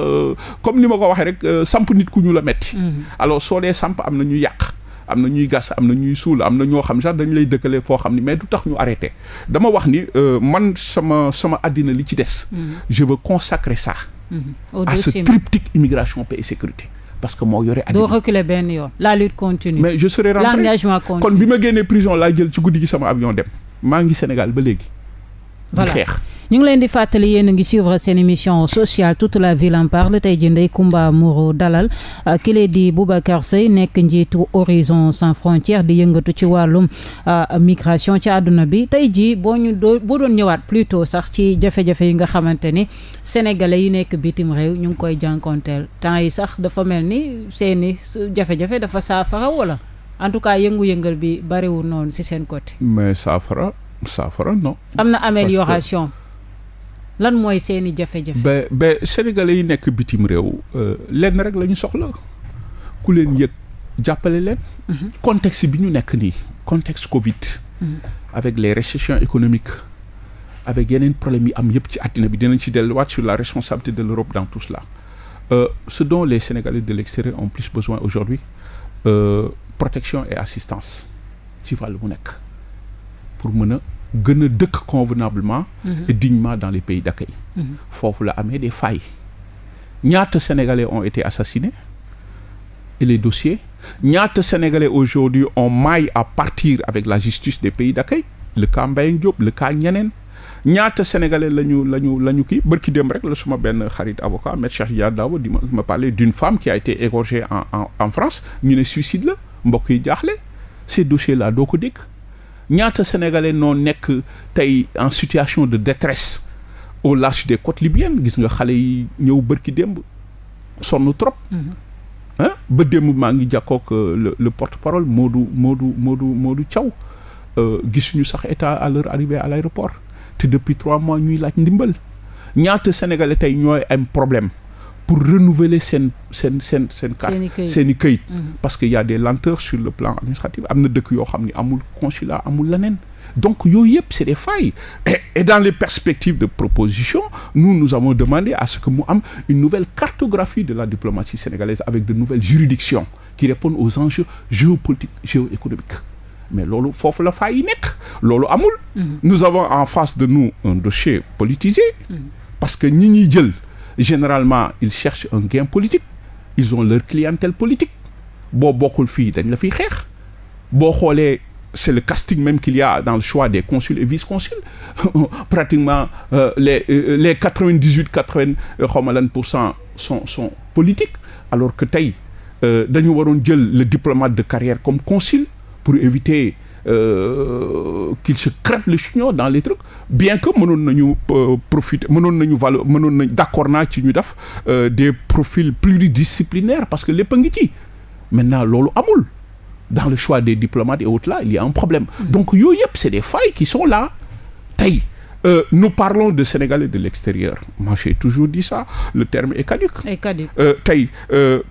comme ni ma ko waxee rek samp nit ku ñu la metti mm-hmm. alors soo dee samp am na ñu yàq am na ñuy gas am na ñuy suul am na ñoo xam sax dañu lay dëkkale foo xam ni mais du tax ñu arrêté dama wax ni euh, man sama sama àddina li ci des. Mm-hmm. je veux consacrer ça. Mm-hmm. à ce triptyque immigration paix sécurité. parce que moo yore. doo reculer benn yoon la lutte continue. mais je serai rentré kon bi ma génnee prison laa jël ci guddi gi sama avion dem maa ngi Sénégal ba léegi. voilà xeex. ñu ngi leen di fàttali yéen a ngi suivre seen mission sociale toute la ville en parle tey jii Ndeye Comba Moreau dalal euh, kile di Boubacar Seye nekk njiitu Horizon Sans Frontières di yëngatu ci wàllum euh, migration ci àdduna bi tey jii boo ñu doo boo doon ñëwaat plutôt sax ci jafe-jafe yi nga xamante ni sénégalais yi nekk bitim réew ñu ngi koy jànkonteel temps yi sax dafa mel ni seeni jafe-jafe dafa saafara wala en tout cas yëngu-yëngal bi bariwul noonu ci seen côté. mais saafara saafara lan mooy seeni i jafe-jafe. ba ba sénégalais yi nekk bitim réew euh, lenn rek la ñu soxla ku leen yëg jàppale leen. Mhm. contexte bi ñu nekk nii contexte Covid. Mhm. avec les récessions économiques avec yeneen problème yi am yëpp ci àddina bi dinañ ci delluwaat sur la responsabilité de l'Europe dans tout cela euh, ce dont les Sénégalais de l'extérieur ont plus besoin aujourd'hui euh, protection et assistance ci wàllu mu nekk pour mën gën dëkk convenablement mhm. et dignement dans les pays d'accueil mhm. foofu la amee des fay ñaata sénégalais ont été assassinés et les dossiers ñaata sénégalais aujourd'hui on maille à partir avec la justice des pays d'accueil le cas Mbaye Diop le cas ñeneen ñaata sénégalais la ñu la ñu la ñu kii bërki dem rek la suma benn xarit avocat maître Cheikh Dia Dabo di ma parler d'une femme qui a été égorgée en en en France ñu ne suicide la mbokk yi jaaxle ces dossiers la doo ko dégg ñaata sénégalais noo nekk tey en situation de détresse au large des côtes libyennes gis nga xale yi ñëw bërki démb sonn trop ah ba démb maa ngi jàkkook euh, le le porte-parole Modou Modou du caw Thiaw euh, gisuñu sax état à leur arrivée à l'aéroport te depuis trois mois ñuy laaj ndimbal ñaata sénégalais tey ñooy am problème pour renouveler seen seen seen seen carte seen i këyit mhm. parce que y a des lenteurs sur le plan administratif am na dëkk yoo xam ni amul consulat amul leneen donc yooyu yëpp c'est des failles et, et dans les perspectives de proposition nous nous avons demandé à ce que mu am une nouvelle cartographie de la diplomatie sénégalaise avec de nouvelles juridictions qui répondent aux enjeux géopolitiques géoéconomiques mais loolu foofu la failles yi nekk loolu amul mhm. nous avons en face de nous un dossier politisé mhm. parce que ñi ñuy jël généralement ils cherchent un gain politique ils ont leur clientèle politique boo bokkul fii dañ la fiy xeex boo xoolee c'est le casting même qu'il y a dans le choix des consuls et vice-consuls [laughs] pratiquement euh, les euh, les quatre-vingt-dix-huit quatre-vingt euh, xaw ma lan pour cent sont sont politiques alors que tey daño waroon jël le diplomate de carrière comme consul pour éviter euh, qu'il se crête le chignon dans les trucs bien que mënoon nañu euh, profiter mënoon nañu valo mënoon nañ d'accord naa ci ñu def euh, des profils pluridisciplinaires parce que lépp a ngi ci maintenant loolu amul dans le choix des diplomates et autres là il y a un problème hmm. donc yooyu yëpp c'est des failles qui sont là tey Euh, nous parlons de Sénégalais de l'extérieur moi j'ai toujours dit ça le terme est caduc. Est caduc. Euh,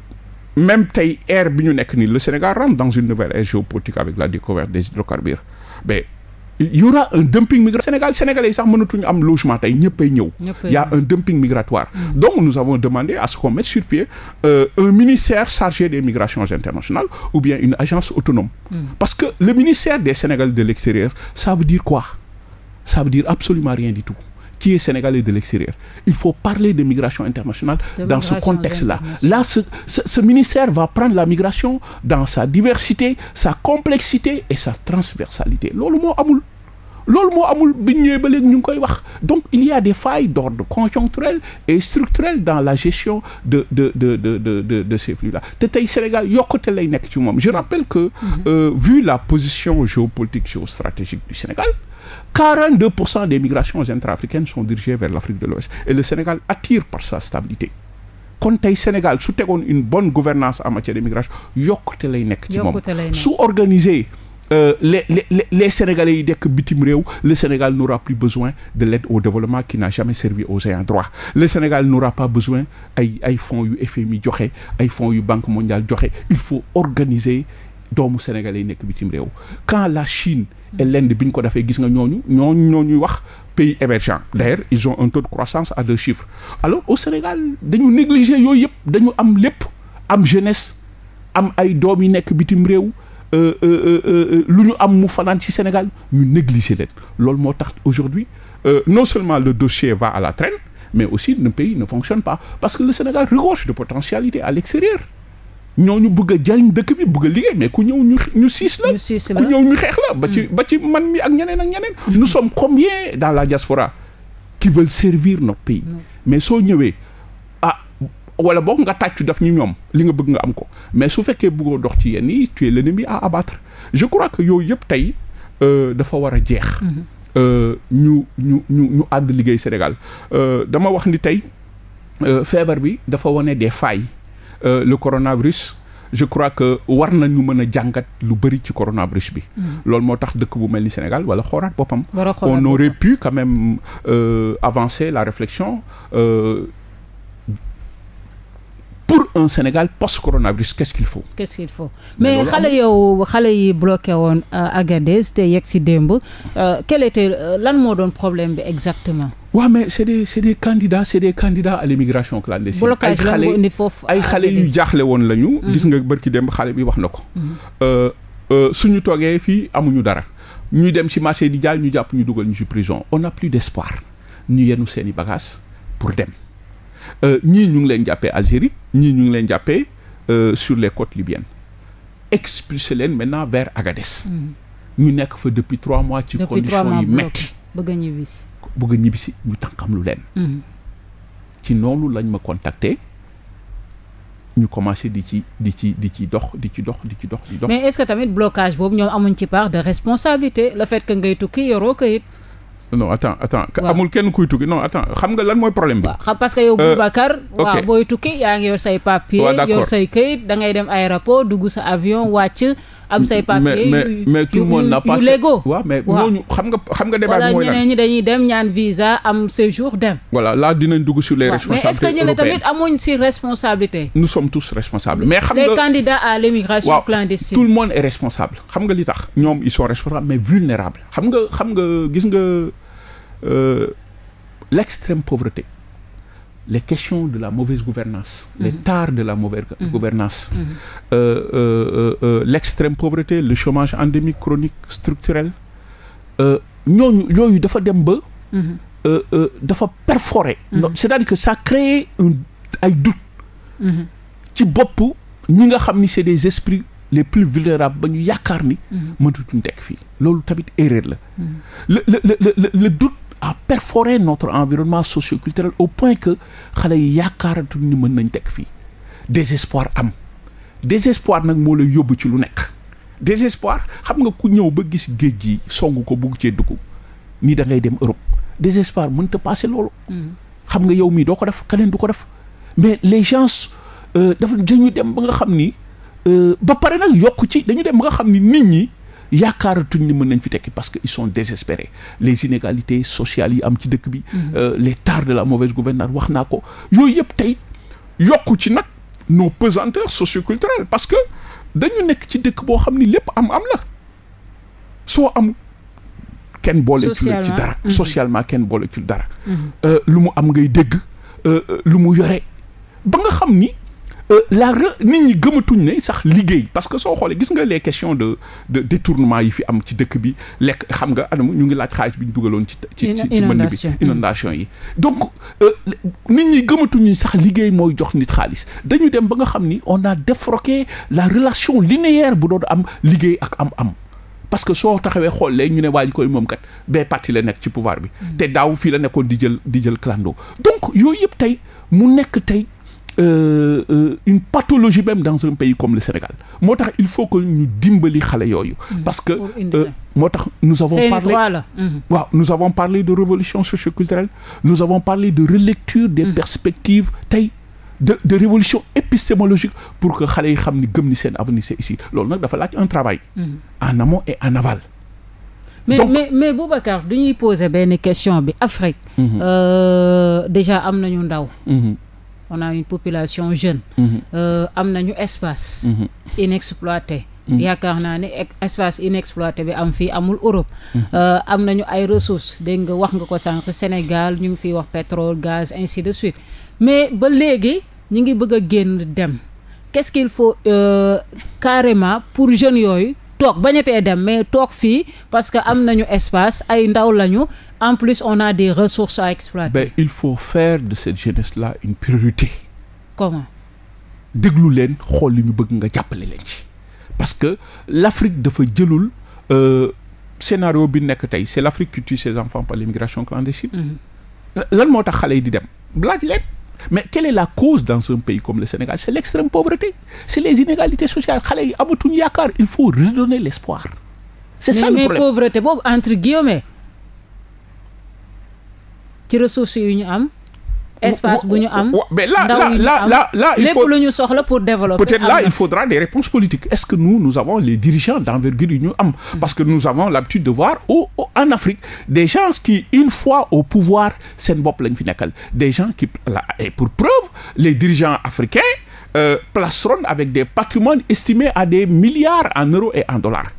même tey ère bi ñu nekk nii le Sénégal rentre dans une nouvelle ère géopolitique avec la découverte des hydrocarbures mais y aura un dumping migratoire Sénégal sénégalais yi sax mënatuñu am logement tey ñëppay ñëw y a un dumping migratoire mmh. donc nous avons demandé à ce qu'on mette sur pied euh, un ministère chargé des migrations internationales ou bien une agence autonome mm. parce que le ministère des Sénégalais de l'extérieur ça veut dire quoi ça veut dire absolument rien du tout qui est sénégalais de l'extérieur il faut parler de migration internationale de dans migration ce contexte là là ce, ministère va prendre la migration dans sa diversité sa complexité et sa transversalité loolu moo amul loolu moo amul bi ñu ba léegi ñu ngi koy wax donc il y a des failles d'ordre conjoncturel et structurel dans la gestion de de de de de de de ces flux là te tey Sénégal yokkute lay nekk ci moom je rappelle que mm-hmm. euh, vu la position géopolitique géostratégique du Sénégal 42 pour cent des migrations intra-africaines sont dirigées vers l'Afrique de l'Ouest et le Sénégal attire par sa stabilité kon tey Sénégal su tegoon une bonne gouvernance en matière de migration yokkute lay nekk ci moom su organiser Euh, les les les les Sénégalais yi nekk bitim réew le Sénégal n'aura plus besoin de l'aide au développement qui n'a jamais servi aux ayants droit le Sénégal n'aura pas besoin ay ay fonds yu FMI joxe ay fonds yu Banque mondiale joxe il faut organiser doomu Sénégalais yi nekk bitim réew quand la Chine et l'Inde bi ñu ko defee gis nga ñooñu ñooñu ñooñuy wax pays émergent d'ailleurs ils ont un taux de croissance à deux chiffres alors au Sénégal dañu négliger yooyu yëpp dañu am lépp am jeunesse am ay doom yi nekk bitim réew euh, euh, euh, lu ñu am mu fanaan ci Sénégal ñu négliger leen loolu moo tax aujourd'hui euh, non seulement le dossier va à la traîne mais aussi le pays ne fonctionne pas parce que le Sénégal regorge de potentialités à l'extérieur ñooñu bëgg a jariñ dëkk bi bugg a liggéey mais ku ñëw ñu ñu siis la ku ñëw ñu xeex la ba ci mm. ba ci man mi ak ñeneen ak ñeneen nous sommes combien dans la diaspora qui veulent servir notre pays mm. mais soo ñëwee ah wala boog nga tàccu daf ñu ñoom li nga bëgg nga am ko mais su fekkee bëggoo dox ci yenn yi tu es l'ennemi à abattre je crois yooyu yëpp tey euh, dafa war a jeex mm-hmm. euh, ñu ñu ñu ñu ànd liggéey Sénégal euh, dama wax ni tey feebar bi dafa wane des fay Euh, le coronavirus je crois que war nañu mën a jàngat lu bëri ci coronavirus bi. Hmm. loolu moo tax dëkk bu mel ni Sénégal wala xooraat boppam. on aurait pu quand même euh, avancer la réflexion. Euh, pour un Sénégal post-coronavirus qu'est-ce qu'il faut. qu'est-ce qu'il faut mais xale yow xale yi bloqué woon euh, Agadez te yegg si démb euh, quel était euh, lan moo doon problème bi exactement. waaw ouais, mais c'est des c'est des candidats c'est des candidats à l'immigration clandestine ay xale ay xale yu jaaxle woon lañu. Mm-hmm. gis nga bërki démb xale bi wax na ko. Mm-hmm. su ñu toogee fii amuñu dara ñu dem ci marché di jaay ñu jàpp ñu dugal ñu ci prison on n'a plus d'espoir ñu yenu seeni bagages pour dem. Euh, ñii ñu ngi leen jàppee Algérie ñii ñu ngi leen jàppee euh, sur les côtes libyennes expulsé leen maintenant vers Agadez mm. ñu nekk fa depuis trois mois ci condition yi metti bëgg a ñibbisi bëgg a ñibbisi ñu tànkam leen mm. ci noonu lañ ma contacter ñu commencé di ci di ci di ci dox di ci dox di ci dox di dox mais est-ce que tamit blocage boobu ñoom amuñ ci part de responsabilité le fait ngay tukki yoroo kayit non attends attends amul kenn kuy tukki non xam nga lan mooy problème bi. waaw parce que yow euh, Boubacar. waaw booy tukki yaa ngi yor say papier. yor say kayit da ngay dem aéroport dugg sa avion wàcc. am say papier mais tout le monde n'a pas yu mais ñooñu xam nga xam nga débat bi mooy lan ñeneen ñi dañuy dem ñaan visa am séjour dem voilà là dinañ dugg sur les responsabilités mais est-ce que ñeneen tamit amuñ si responsabilité nous sommes tous responsables mais xam nga les candidats à l'immigration clandestine tout le monde nga li tax ñoom ils sont responsables mais vulnérables xam nga xam nga gis nga euh, l'extrême pauvreté les questions de la mauvaise gouvernance mm-hmm. les tares de la mauvaise mm-hmm. gouvernance mm-hmm. Euh, euh, euh, l'extrême pauvreté le chômage endémique chronique structurel ñooñu yooyu dafa dem ba dafa perforer c'est-à-dire que ça crée un ay doute ci boppu ñi nga xam ni c'est des esprits les plus vulnérables ba ñu yaakaar ni mënatuñu dekk fii loolu tamit erreur la le le le le doute à perforer notre environnement socioculturel au point que xale yi yaakaaratuñ ni mën nañ teg fii désespoir am désespoir nag moo la yóbbu ci lu nekk désespoir xam nga ku ñëw ba gis géej gi song ko bugg cee dugg nii da ngay dem Europe désespoir mënta passé loolu mm. xam nga yow mii doo ko def keneen du ko def mais les gens euh, dafa dañu dem ba nga xam ni euh, ba pare nag yokk ci dañu dem ba nga xam ni nit ñi yaakaaratuñ ni mën nañ fi tekki parce que ils sont désespérés les inégalités sociales yi am ci dëkk bi mhm. euh, les tares de la mauvaise gouvernance wax naa ko yooyu yëpp tey yokku ci nag nos pesanteurs socioculturels parce que dañu nekk ci dëkk boo xam ni lépp am am am kenn boole mhm. socialement kenn boole ci dara mhm. euh, lu mu am ngay dégg euh, lu mu yore ba nga xam ni Euh, la nit ñi gëmatuñ ne sax que soo xoolee gis nga les questions de de yi fi am ci dëkk bi lekk xam nga anamu ñu ngi laaj xaalis bi ñu dugaloon ci ci ci mën bi mm. yi donc euh, nit ñi sax liggéey mooy jox nit xaalis dañu dem ba nga xam ni on a défroqué la relation linéaire bu doon am liggéey ak am am parce que soo taxawee xool léegi ñu ne waa ji koy moom kat bee parti la nekk ci pouvoir bi mm. te daaw fii la nekkoon di jël di jël clando donc yooyu yëpp tey mu nekk tey Euh, euh, une pathologie même dans un pays comme le Sénégal moo tax il faut que ñu dimbali xale yooyu. Mm. parce que euh, moo tax nous avons parlé mm-hmm. waaw nous avons de révolution socioculturelle nous avons parlé de relecture des mm. perspectives tey de révolution épistémologique pour que xale yi xam ni gëm ni seen avenir c'est ici loolu nag dafa laaj un travail mm-hmm. en amont et en aval Donc, mais mais Boubacar du poser benn question bi Afrique mm-hmm. déjà am nañu ndaw on a une population jeune. Mhm. Euh, am nañu espace. Mhm. inexploité. Mhm. yaakaar naa ne e-, espace inexploité bi am fii amul Europe. Euh, am nañu ay ressources dégg nga wax nga ko sànq Sénégal ñu ngi fiy wax pétrole gaz ainsi de suite mais ba léegi ñu ngi bëgg a génn dem qu'est-ce qu'il faut euh, carrément pour jeunes yooyu. toog bañatee dem mais toog fii parce que am nañu espace ay ndaw lañu en plus on a des ressources à exploiter. mais il faut faire de cette jeunesse la une priorité. comment. déglu leen xool li ñu bëgg nga jàppale leen ci parce que l'Afrique dafa jëlul euh, scénario bi nekk tey c'est l'Afrique qui tue ses enfants par l'immigration clandestine. Mhm. lan moo tax xale yi di dem laaj leen. mais quelle est la cause dans un pays comme le Sénégal c'est l'extrême pauvreté c'est les inégalités sociales xale yi amatuñu yaakaar il faut redonner l'espoir c'est ça le problème pauvreté boobu entre guillemets ci ressources yu ñu am espace bu ñu mais là là là là là il faut lépp lu pour développer. peut-être là il faudra des réponses politiques est-ce que nous avons les dirigeants d'envergure yu ñu hmm. parce que nous avons l'habitude de voir au en Afrique des gens qui une fois au pouvoir seen bopp lañ fi nekkal des gens qui là pour preuve les dirigeants africains. euh, placeront avec des patrimoines estimés à des milliards en euros et en dollars.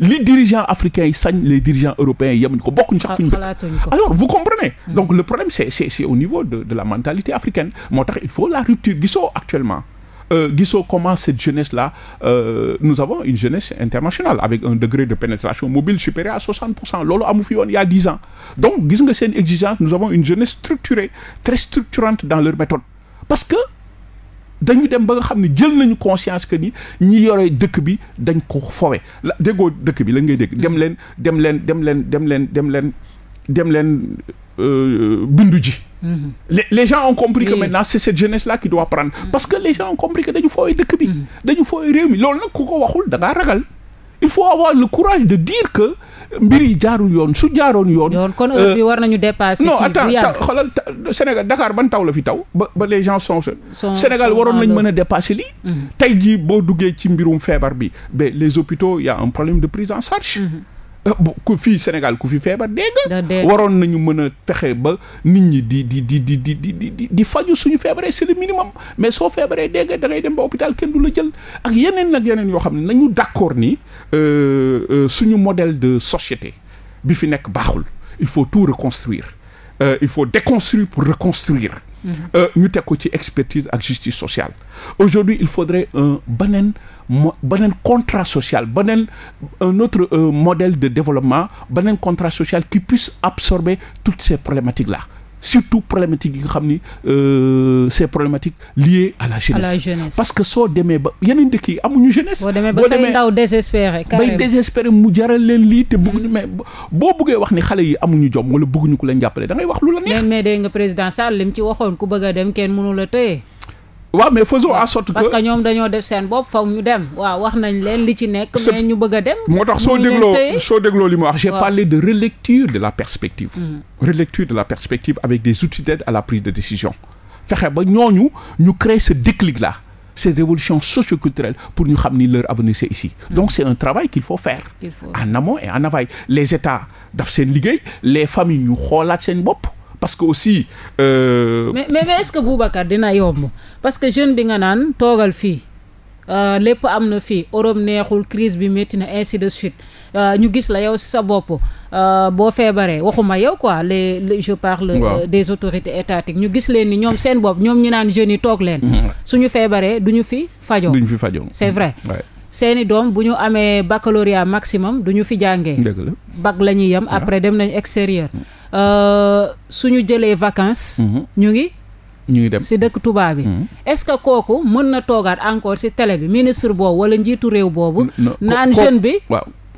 Mm. dirigeants africains yi sañ les dirigeants européens yi yemuñu ko bokkuñu sax fuñu dëkk alors comprenez hmm. donc le problème c'est au niveau de de la mentalité africaine moo tax il faut la rupture gisoo actuellement Euh, gisoo comment cette jeunesse là euh, nous avons une jeunesse internationale avec un degré de pénétration mobile supérieur à 60 pour fi woon il y a dix ans donc gis nga seen exigence nous avons une jeunesse structurée dans leur méthode dañu dem ba nga xam ne jël nañu conscience que ni ñi yore dëkk bi dañ ko fowe la déggoo dëkk bi lañ ngay dégg dem leen dem leen dem leen dem leen dem leen dem leen euh, bindu ji mm-hmm. les les gens ont compris que maintenant c'est cette jeunesse là qui doit prendre mm. parce que les gens ont compris que dañu fowe dëkk bi mm. dañu fowe réew mi loolu nag ku ko waxul da ragal il faut avoir le courage de dire que mbir yi jaarul yoon su jaaroon yoon. yoon kon heure euh, bi war nañu dépasser. non attends xoolal Sénégal Dakar ban taw la fi taw ba ba les gens sont. Sénégal waroon nañ mën a dépasser lii. Mhm. tey jii boo duggee ci mbirum feebar bi mais les hôpitaux y a un problème de prise en charge. Mm Ah, ku fii Sénégal ku fi feebar dégg nga waroon nañu mën a fexe ba nit ñi di di di di di di di di faju suñu feebaree c'est le minimum mais soo feebaree dégg nga da ngay dem ba hôpital kenn du la jël ak yeneen nag yeneen yoo xam ne nañu d'accord ni euh, euh, suñu modèle de société bi fi nekk baaxul il faut tout reconstruire Euh, il faut déconstruire pour reconstruire mm-hmm. euh, ñu teg ko ci expertise ak justice sociale aujourd'hui il faudrait un beneen mo beneen contrat social beneen un autre euh, modèle de développement beneen contrat social qui puisse absorber toutes ces problématiques là surtout problématiques yi nga xam ni euh, ces problématiques liées à la jeunesse. À la jeunesse. parce que soo demee ba yeneen dëkk yi amuñu jeunesse. boo demee ba say ndaw désespéré. carrément bay désespéré mu jaral leen lii te bëgguñu mm. mais boo buggee wax ni xale yi amuñu jom wala bëgguñu ko leen jàppale da ngay wax lu la neex. mais mais nga président Sall li mu ci waxoon ku bëgg dem kenn mënu la téye. waaw mais faisons en sorte que parce que ñoom dañoo def seen bopp foog ñu dem waaw wax nañ leen li ci nekk mais ñu bëgg a dem moo tax soo dégloo soo dégloo li ma wax j'ai parlé de relecture de la perspective mm. relecture de la perspective avec des outils d'aide à la prise de décision fexe ba ñooñu ñu créer ce déclic là cette révolution socioculturelle pour ñu xam ni leur avenir c'est ici mm. donc c'est un travail qu'il faut faire en amont et en aval les états daf les familles ñu xoolaat seen bopp parce que aussi. Euh... mais mais est-ce que Boubacar dina yomb parce que jeune bi nga naan toogal fii euh, lépp am na fii Europe neexul crise bi métti na ainsi de suite euh, ñu gis la yow si sa bopp euh, boo feebaree waxuma yow quoi les, les je parle. Wow. des autorités étatiques ñu gis leen ni ñoom seen bopp ñoom ñu naan jeunes yi toog leen. Mm-hmm. suñu feebaree du ñu fi fajoo. du ñu fi fajoo c'est vrai. seeni doom bu ñu amee baccalauréat maximum du ñu fi jàngee. dëgg la bac ñuy yem après dem nañu extérieur. Mm. Euh, suñu jëlee vacances. Mm-hmm. ñu ngi. ñu ngi si dëkk tubaab yi mm-hmm. est-ce que kooku mën na toogaat encore si télé bi ministre boobu wala njiitu réew boobu. naan jeune bi.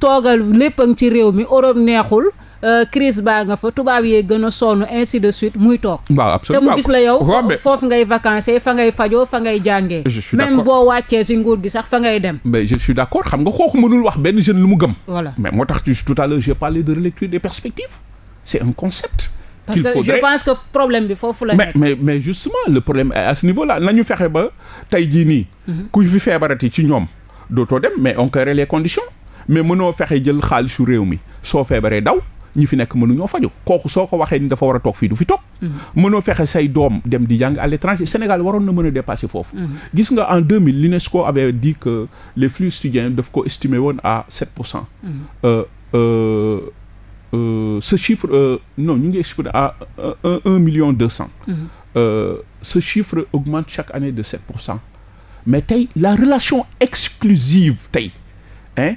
toogal lépp a ci réew mi Europe neexul. Euh, crise baa nga fa tubaab yee gën a sonn ainsi de suite muy toog. waaw absolument te mu gis la yow. foofu ngay vacances fa ngay fajoo fa ngay jàngee. même boo wàccee si nguur gi sax fa ngay dem. mais je suis d' accord xam nga kooku mënul wax benn jeune lu mu gëm. voilà mais moo tax tout à l'heure j'ai parlé de relecture des perspectives c' est un concept. parce que je pense que problème bi foofu la nekk. mais mais justement le problème est ce niveau là nañu fexe ba tey jii nii. Mhm. ku fi feebarati ci ñoom dootoo dem mais on les conditions mais mënoo fexe jël xaalisu réew mi soo feebaree daw. ñi fi nekk mënuñoo faju kooku soo ko waxee ni dafa war a toog fii du fi toog mm-hmm. mënoo fexe say doom dem di jàng à l'étranger Sénégal waroon na mën a dépasser foofu mm-hmm. gis nga en 2000 l'UNESCO avait dit que les flux étudiants daf ko estimé woon à 7 pour cent mm-hmm. euh, euh, euh, ce chiffre euh, ñu ngi exprimé à un million deux cent ce chiffre augmente chaque année de 7 pour mais tey la relation exclusive tey hein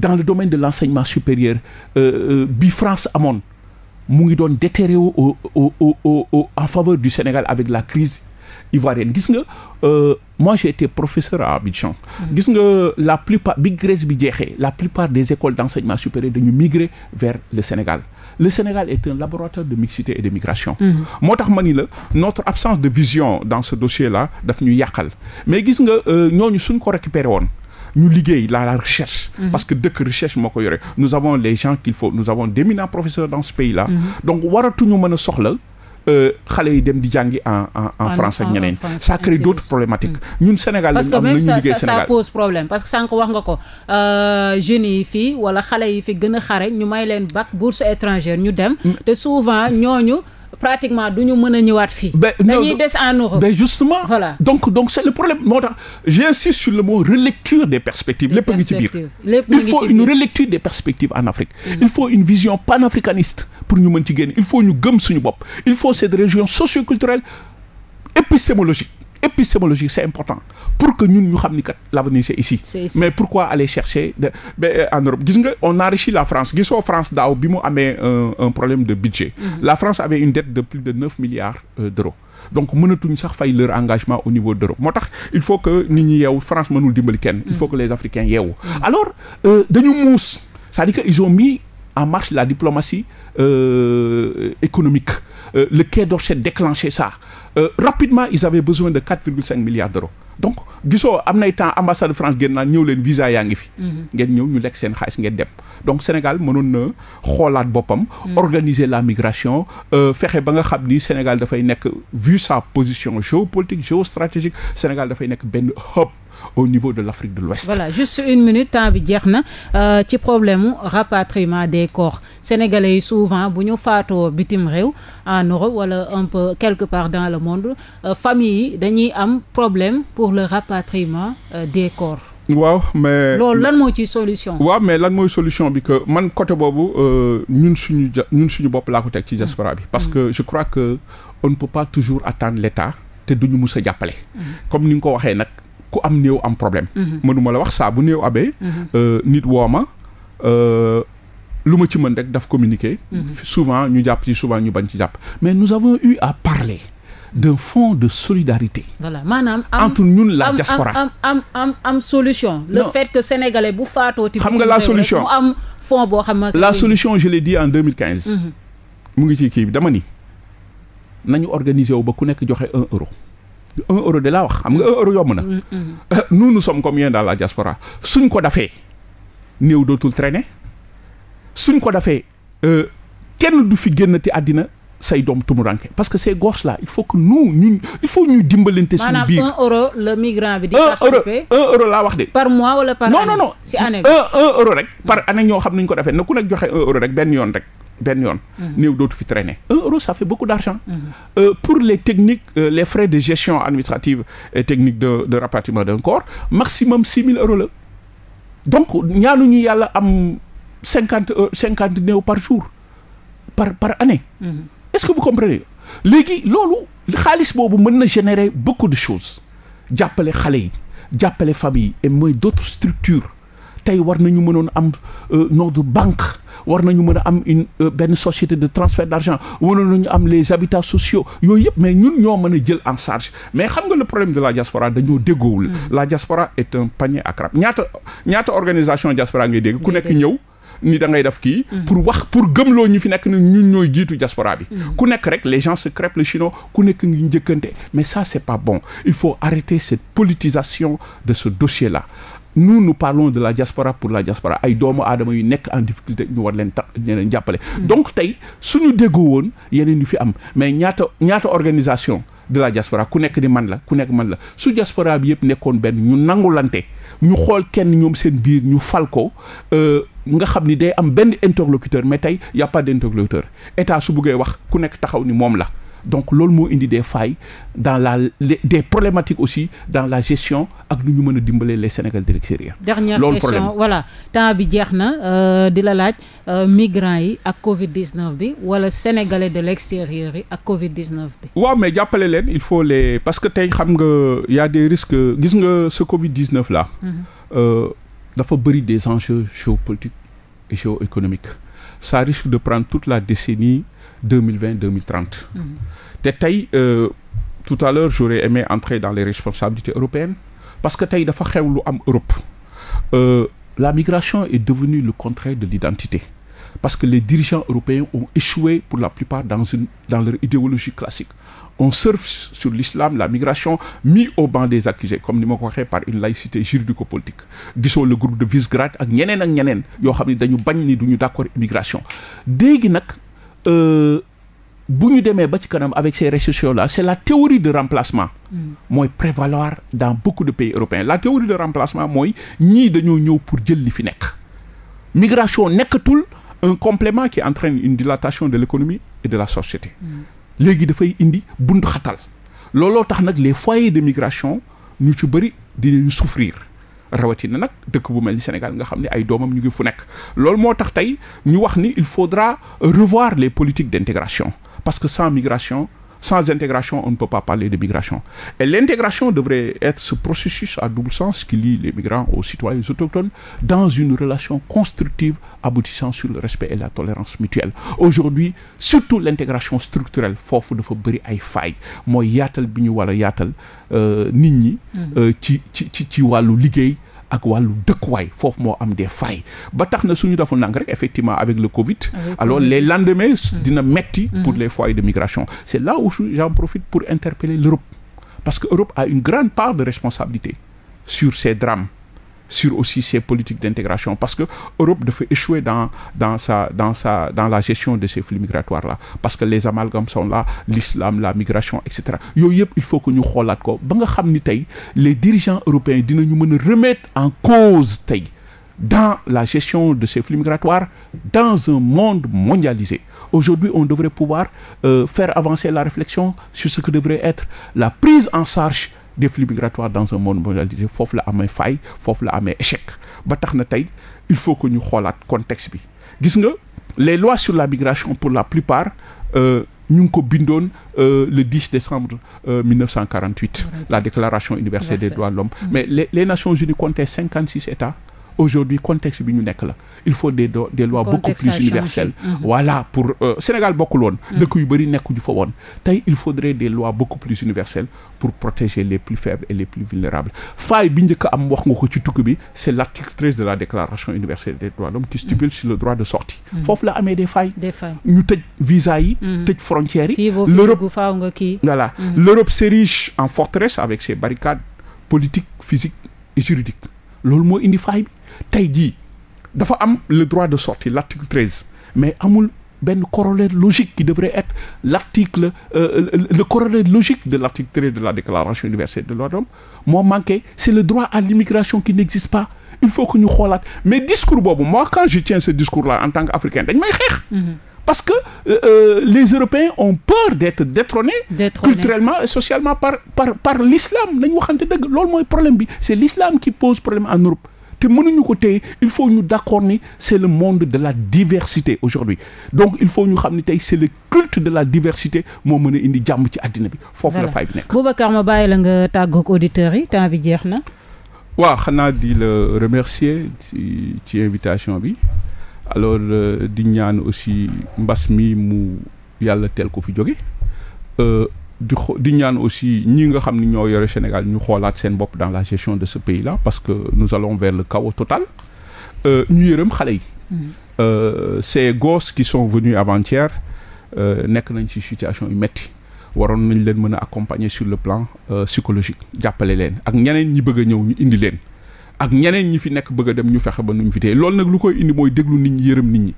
dans le domaine de l' enseignement supérieur euh, euh, bi France amoon mu ngi doon déterré wu au au en faveur du Sénégal avec la crise ivoirienne gis nga euh, moi j'ai été professeur à Abidjan. Mm. gis nga la plupart bi bi jeexee la plupart des écoles d' enseignement supérieur dañu migrer vers le Sénégal le Sénégal est un laboratoire de mixité et de migration. Mm. moo tax ma ni la notre absence de vision dans ce dossier là daf ñu yàqal mais gis nga ñooñu suñ ko récupéré woon. ñu liggéey la la recherche. Mm-hmm. parce que dëkk recherche moo ko yore nous avons les gens qu'il faut nous avons d'éminents professeurs dans ce pays là. Mm-hmm. donc waratuñu mën a soxla. Euh, xale yi dem di jàngi en en en France ak ñeneen ça crée d'autres problématiques mm-hmm. ñun Sénégal lañu am nañu Sénégal parce que même ça pose problème parce que sànq wax nga ko euh, jeunes yi fii wala xale yi fi gën a xare ñu may leen bac bourse étrangère ñu dem mm. te souvent ñooñu. pratiquement du ñu mën a ñëwaat fii. dañuy des en Europe justement voilà donc donc c' est le problème moo tax j' insiste sur le mot relecture des perspectives. lépp ngi ci biir il faut une relecture des perspectives en Afrique. Mm. il faut une vision panafricaniste pour ñu mën il faut ñu gëm suñu bop il faut cette région socioculturelle épistémologique. épistémologie c'est important pour que ñun ñu xam ni kat l'avenir c'est c'est ici mais pourquoi aller chercher de euh, en Europe gis nga on enrichit la France gisoo France daaw bi mu amee un problème de budget. Mm-hmm. la France avait une dette de plus de neuf milliards euh, d'euros. donc mënatuñ sax fay leur engagement au niveau d'Europe moo tax il faut que ni ñu yeewu France mënul dimbali kenn. il faut mm-hmm. que les Africains yeewu. Mm-hmm. alors euh, dañu muus c'est-à-dire que ils ont mis en marche la diplomatie euh, économique euh, le Quai d'Orsay déclenché ça. euh, rapidement ils avaient besoin de 4,5 milliards d'euros donc gisoo am nay temps ambassade de France génn naan ñëw leen visa yaa ngi fi. Mhm. ngeen ñëw ñu lekk seen xaalis ngeen dem. donc Sénégal mënoon na xoolaat boppam. Mhm. organiser la migration. Euh, fexe ba nga xam ni Sénégal dafay nekk vu sa position géopolitique géostratégique Sénégal dafay nekk benn hub. au niveau de l' Afrique de l'Ouest voilà juste une minute temps bi jeex na euh, ci problème mu rapatriement des corps sénégalais yi souvent bu ñu faatoo bitim réew en Europe wala un peu quelque part dans le monde euh, famille yi dañuy am problème pour le rapatriement euh, des corps. waaw mais loolu lan moo ci solution. waaw mais lan mooy solution bi que man côté boobu ñun suñu ñu ñun suñu bopp laa ko teg ci diaspora bi. parce mm. que je crois que on ne peut pas toujours attendre l' te du ñu a jàppale. Mm. comme ni nga ko waxee nag ku am néew am problème. Mhm. mënuma la wax saa bu néew abee. Mhm. Euh, nit woo ma euh, lu ma ci mën rek daf communiquer. Mhm. souvent ñu jàpp ci souvent ñu bañ ci jàpp mais nous avons eu à de solidarité. voilà maanaam am entre la diaspora. am am am am solution. le non. fait que sénégalais bu faatoo. xam nga la solution am fonds boo xam la solution je l'ai dit en 2015. mu ngi ci kii bi dama ni nañu organiser wu ba ku nekk joxe un euro. un euro de laa wax xam nga un euro yomb na. Mm, mm. Euh, nous nous sommes combien dans la diaspora suñ ko dafee néew dootul traîner suñ ko dafee euh, kenn du fi génn ti àddina say doom tumuranke parce que ces gosses là il faut que nous ñun il faut ñuy dimbalante suñu biir maanaam un euro le migrant bi di laa wax de. par mois wala par année si année bi un euro rek. par année ñoo xam ni ko defee na ku nekk joxe un euro rek benn yoon rek. benn yoon. Mhm. néew dootu fi traîner un euro ça fait beaucoup d'argent. Mhm. Euh, pour les techniques euh, les frais de gestion administrative et technique de de rapatriement d'un corps maximum six la donc ñaanuñu yàlla am cinquante euh, cinquante néew par jour par par année. Mhm. est-ce que vous comprenez léegi loolu xaalis boobu mën na générer beaucoup de choses jàppale xale yi jàppale famille et mooy d'autres structures. tey war nañu mënoon am euh, notre banque war nañu mën a am une euh, benn société de transfert d' argent waroon ñu am les habitats sociaux yooyu yëpp mais ñu ñoo mën a jël en charge mais xam nga le problème de la diaspora dañoo déggoowul mm. la diaspora est un panier à crabe ñaata ñaata organisation diaspora ngay dégg ku nekk ñëw ni dangay ngay def kii. Mm. pour wax pour gëm loo ñu fi nekk ne ñun ñoo jiitu jaspora bi. Mm. ku nekk rek les gens se crêpent le ku nekk ngi njëkkante mais ça c' est pas il faut arrêter cette politisation de ce dossier là. nous nous parlons de la diaspora pour la diaspora ay doomu aadama yu nekk en difficulté ñu war leen tax ñu leen jàppale. Hmm. donc tey suñu déggoo woon yeneen yu fi am mais ñaata ñaata organisation de la diaspora ku nekk ni man la ku nekk man la su diaspora bi yëpp nekkoon benn ñu nangulante ñu xool kenn ñoom seen biir ñu fal ko. Euh, nga xam ni day am benn interlocuteur mais tey y' a interlocuteur état su buggee wax ku nekk taxaw ni moom la. donc loolu moo indi des failles dans la des problématiques aussi dans la gestion ak nu ñu mën a dimbalee les Sénégalais de l'extérieur. loolu problème voilà temps bi jeex na euh, di la laaj euh, migrants yi ak Covid 19 bi wala sénégalais de l'extérieur yi ak Covid 19 bi. waaw mais jàppale leen il faut les parce que tey xam nga y a des risques gis nga ce Covid 19 là. Mhm. Euh, dafa bëri des enjeux géopolitiques et géoéconomiques ça risque de prendre toute la décennie. deux mille vingt deux mille mm-hmm. te tey euh, tout à l'heure j'aurais aimé entrer dans les responsabilités européennes parce que tey dafa xew lu am Europe euh, la migration est devenue le contraire de l'identité parce que les dirigeants européens ont échoué pour la plupart dans une dans leur idéologie classique on surfe sur l'islam la migration mis au banc des accusés comme ni ma ko waxee par une laïcité juridico-politique gisoo le groupe de Visegrad ak ñeneen ak ñeneen yoo xam ni dañu bañ ni duñu d'accord immigration léegi nag Euh, bu ñu demee ba ci kanam avec ces réseaux sociaux là c'est la théorie de remplacement mm. mooy prévaloir dans beaucoup de pays européens la théorie de remplacement mooy ñii dañoo ñëw pour jël li fi nekk migration nekkatul un complément qui entraîne une dilatation de l'économie et de la société mm. léegi dafay indi bundu xatal looloo tax nag les foyers de migration ñu ci bëri dinañu souffrir rawatina nag dëkk bu mel ni Sénégal nga xam ne ay doomam ñu ngi fu nekk loolu moo tax tey ñu wax ni il faudra revoir les politiques d'intégration parce que sans migration Sans intégration, on ne peut pas parler de migration. Et l'intégration devrait être ce processus à double sens qui lie les migrants aux citoyens autochtones dans une relation constructive aboutissant sur le respect et la tolérance mutuelle. Aujourd'hui, surtout l'intégration structurelle foofu dafa bëri ay failles mooy yaatal bi ñu war a yaatal euh, nit ñi. Mm-hmm. Euh, ci ci ci ci wàllu liggéey. ak wàllu dëkkuwaay foofu moo am des failles ba tax na suñu deful nang rek effectivement avec le Covid alors les lendemains mm. dina metti mm. pour les foyers de migration c'est là où j'en profite pour interpeller l'Europe parce que Europe a une grande part de responsabilité sur ces drames sur aussi ces politiques d'intégration parce que Europe dafa échouer dans dans dans sa dans la gestion de ces flux migratoires là parce que les amalgames sont là l'islam la migration et cetera yooyu yëpp il faut que ñu xoolaat ko ba nga xam ni tey les dirigeants européens dinañu mën a remettre en cause tey dans la gestion de ces flux migratoires dans un monde mondialisé aujourd'hui on devrait pouvoir euh, faire avancer la réflexion sur ce que devrait être la prise en charge des flux migratoires dans un monde mondialisé foofu la amee faille foofu la amee échec ba tax na tey il faut que ñu xoolaat contexte bi gis nga les lois sur la migration pour la plupart euh, ñu ngi ko bindoon euh, le 10 décembre euh, 1948 la déclaration universelle des droits de l'homme mm. mais les, Nations Unies comptaient États aujourd'hui contexte bi ñu nekk la il faut des des lois beaucoup plus universelles mhm. voilà pour euh, Sénégal bokkul woon mhm. dëkk yu bari nekk ñu fa woon tey il faudrait des lois beaucoup plus universelles pour protéger les plus faibles et les plus vulnérables faille bi njëkk am wax nga ko ci tukki bi c'est l'article 13 de la déclaration universelle des droits de l'homme qui mhm. stipule sur le droit de sortie foofu la amee des failles ñu tëj visa yi tëj frontières yi l'Europe faaw tey jii dafa am le droit de sortie l'article treize mais amul benn corollaire logique qui devrait être l'article euh, le, le logique de l'article 13 de la déclaration universelle des droits de l'homme moo c'est le droit à l'immigration qui n'existe pas il faut que ñu xoolaat mais discours boobu moi quand je tiens ce discours là en tant qu'africain dañ may xeex mm-hmm. parce que euh, euh, les Européens ont peur d'être détrônés Détrôné. culturellement et socialement par l'islam nañ loolu mooy problème bi c'est l'islam qui pose te mënuñu ko téye il faut ñu d'accord ni c'est le monde de la diversité aujourd'hui donc il faut ñu xam ni tey c'est le culte de la diversité moo mën a indi jàmm ci àddina bi foofu la fay nekk Boubacar ma bàyyi la nga tàggoog auditeurs yi temps bi jeex na waaw xanaa di la remercier ci ci invitation bi alors euh, di ñaan aussi mbas mi mu yàlla teel ko fi jóge euh, di xo di ñaan aussi ñi nga xam ni ñoo yore Sénégal ñu xoolaat seen bopp dans la gestion de ce pays là parce que nous allons vers le chaos total euh, ñu yërëm xale yi. Mm. Euh, ces gosses qui sont venus avant euh, nekk nañ ci situation yu metti waroon nañ leen mën a accompagner sur le plan psychologique jàppale leen ak ñeneen ñi bëgg a ñëw ñu indi leen ak ñeneen ñi fi nekk bëgg a dem ñu fexe ba nu fi tee loolu nag lu koy indi mooy déglu nit ñi yërëm nit ñi.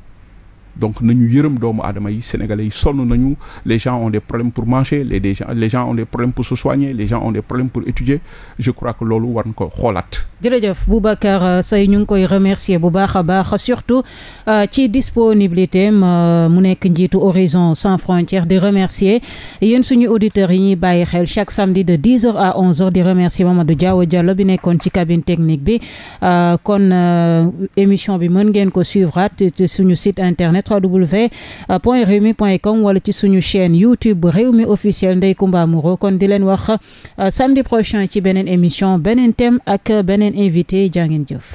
donc nañu yërëm doomu aadama yi sénégalais yi sonn nañu les gens ont des problèmes pour manger les des gens les gens ont des problèmes pour se soigner les gens ont des problèmes pour étudier je crois que loolu war na ko xoolaat. jërëjëf Boubacar euh, Seye ñu ngi koy remercier bu baax a baax surtout euh, ci disponibilité euh, mu nekk njiitu Horizon sans frontières di remercier yéen suñu auditeurs yi ñuy bàyyi xel chaque samedi de 10h à 11h di remercier Mamadou Diaw Diallo bi nekkoon ci cabine technique bi kon émission bi mën ngeen ko suivre suñu site internet. internet www.rewmi.com wala ci suñu chaîne YouTube Rewmi officiel Ndeye Comba Moreau kon di leen wax euh, samedi prochain ci beneen émission beneen thème ak beneen invité jaa ngeen jëf.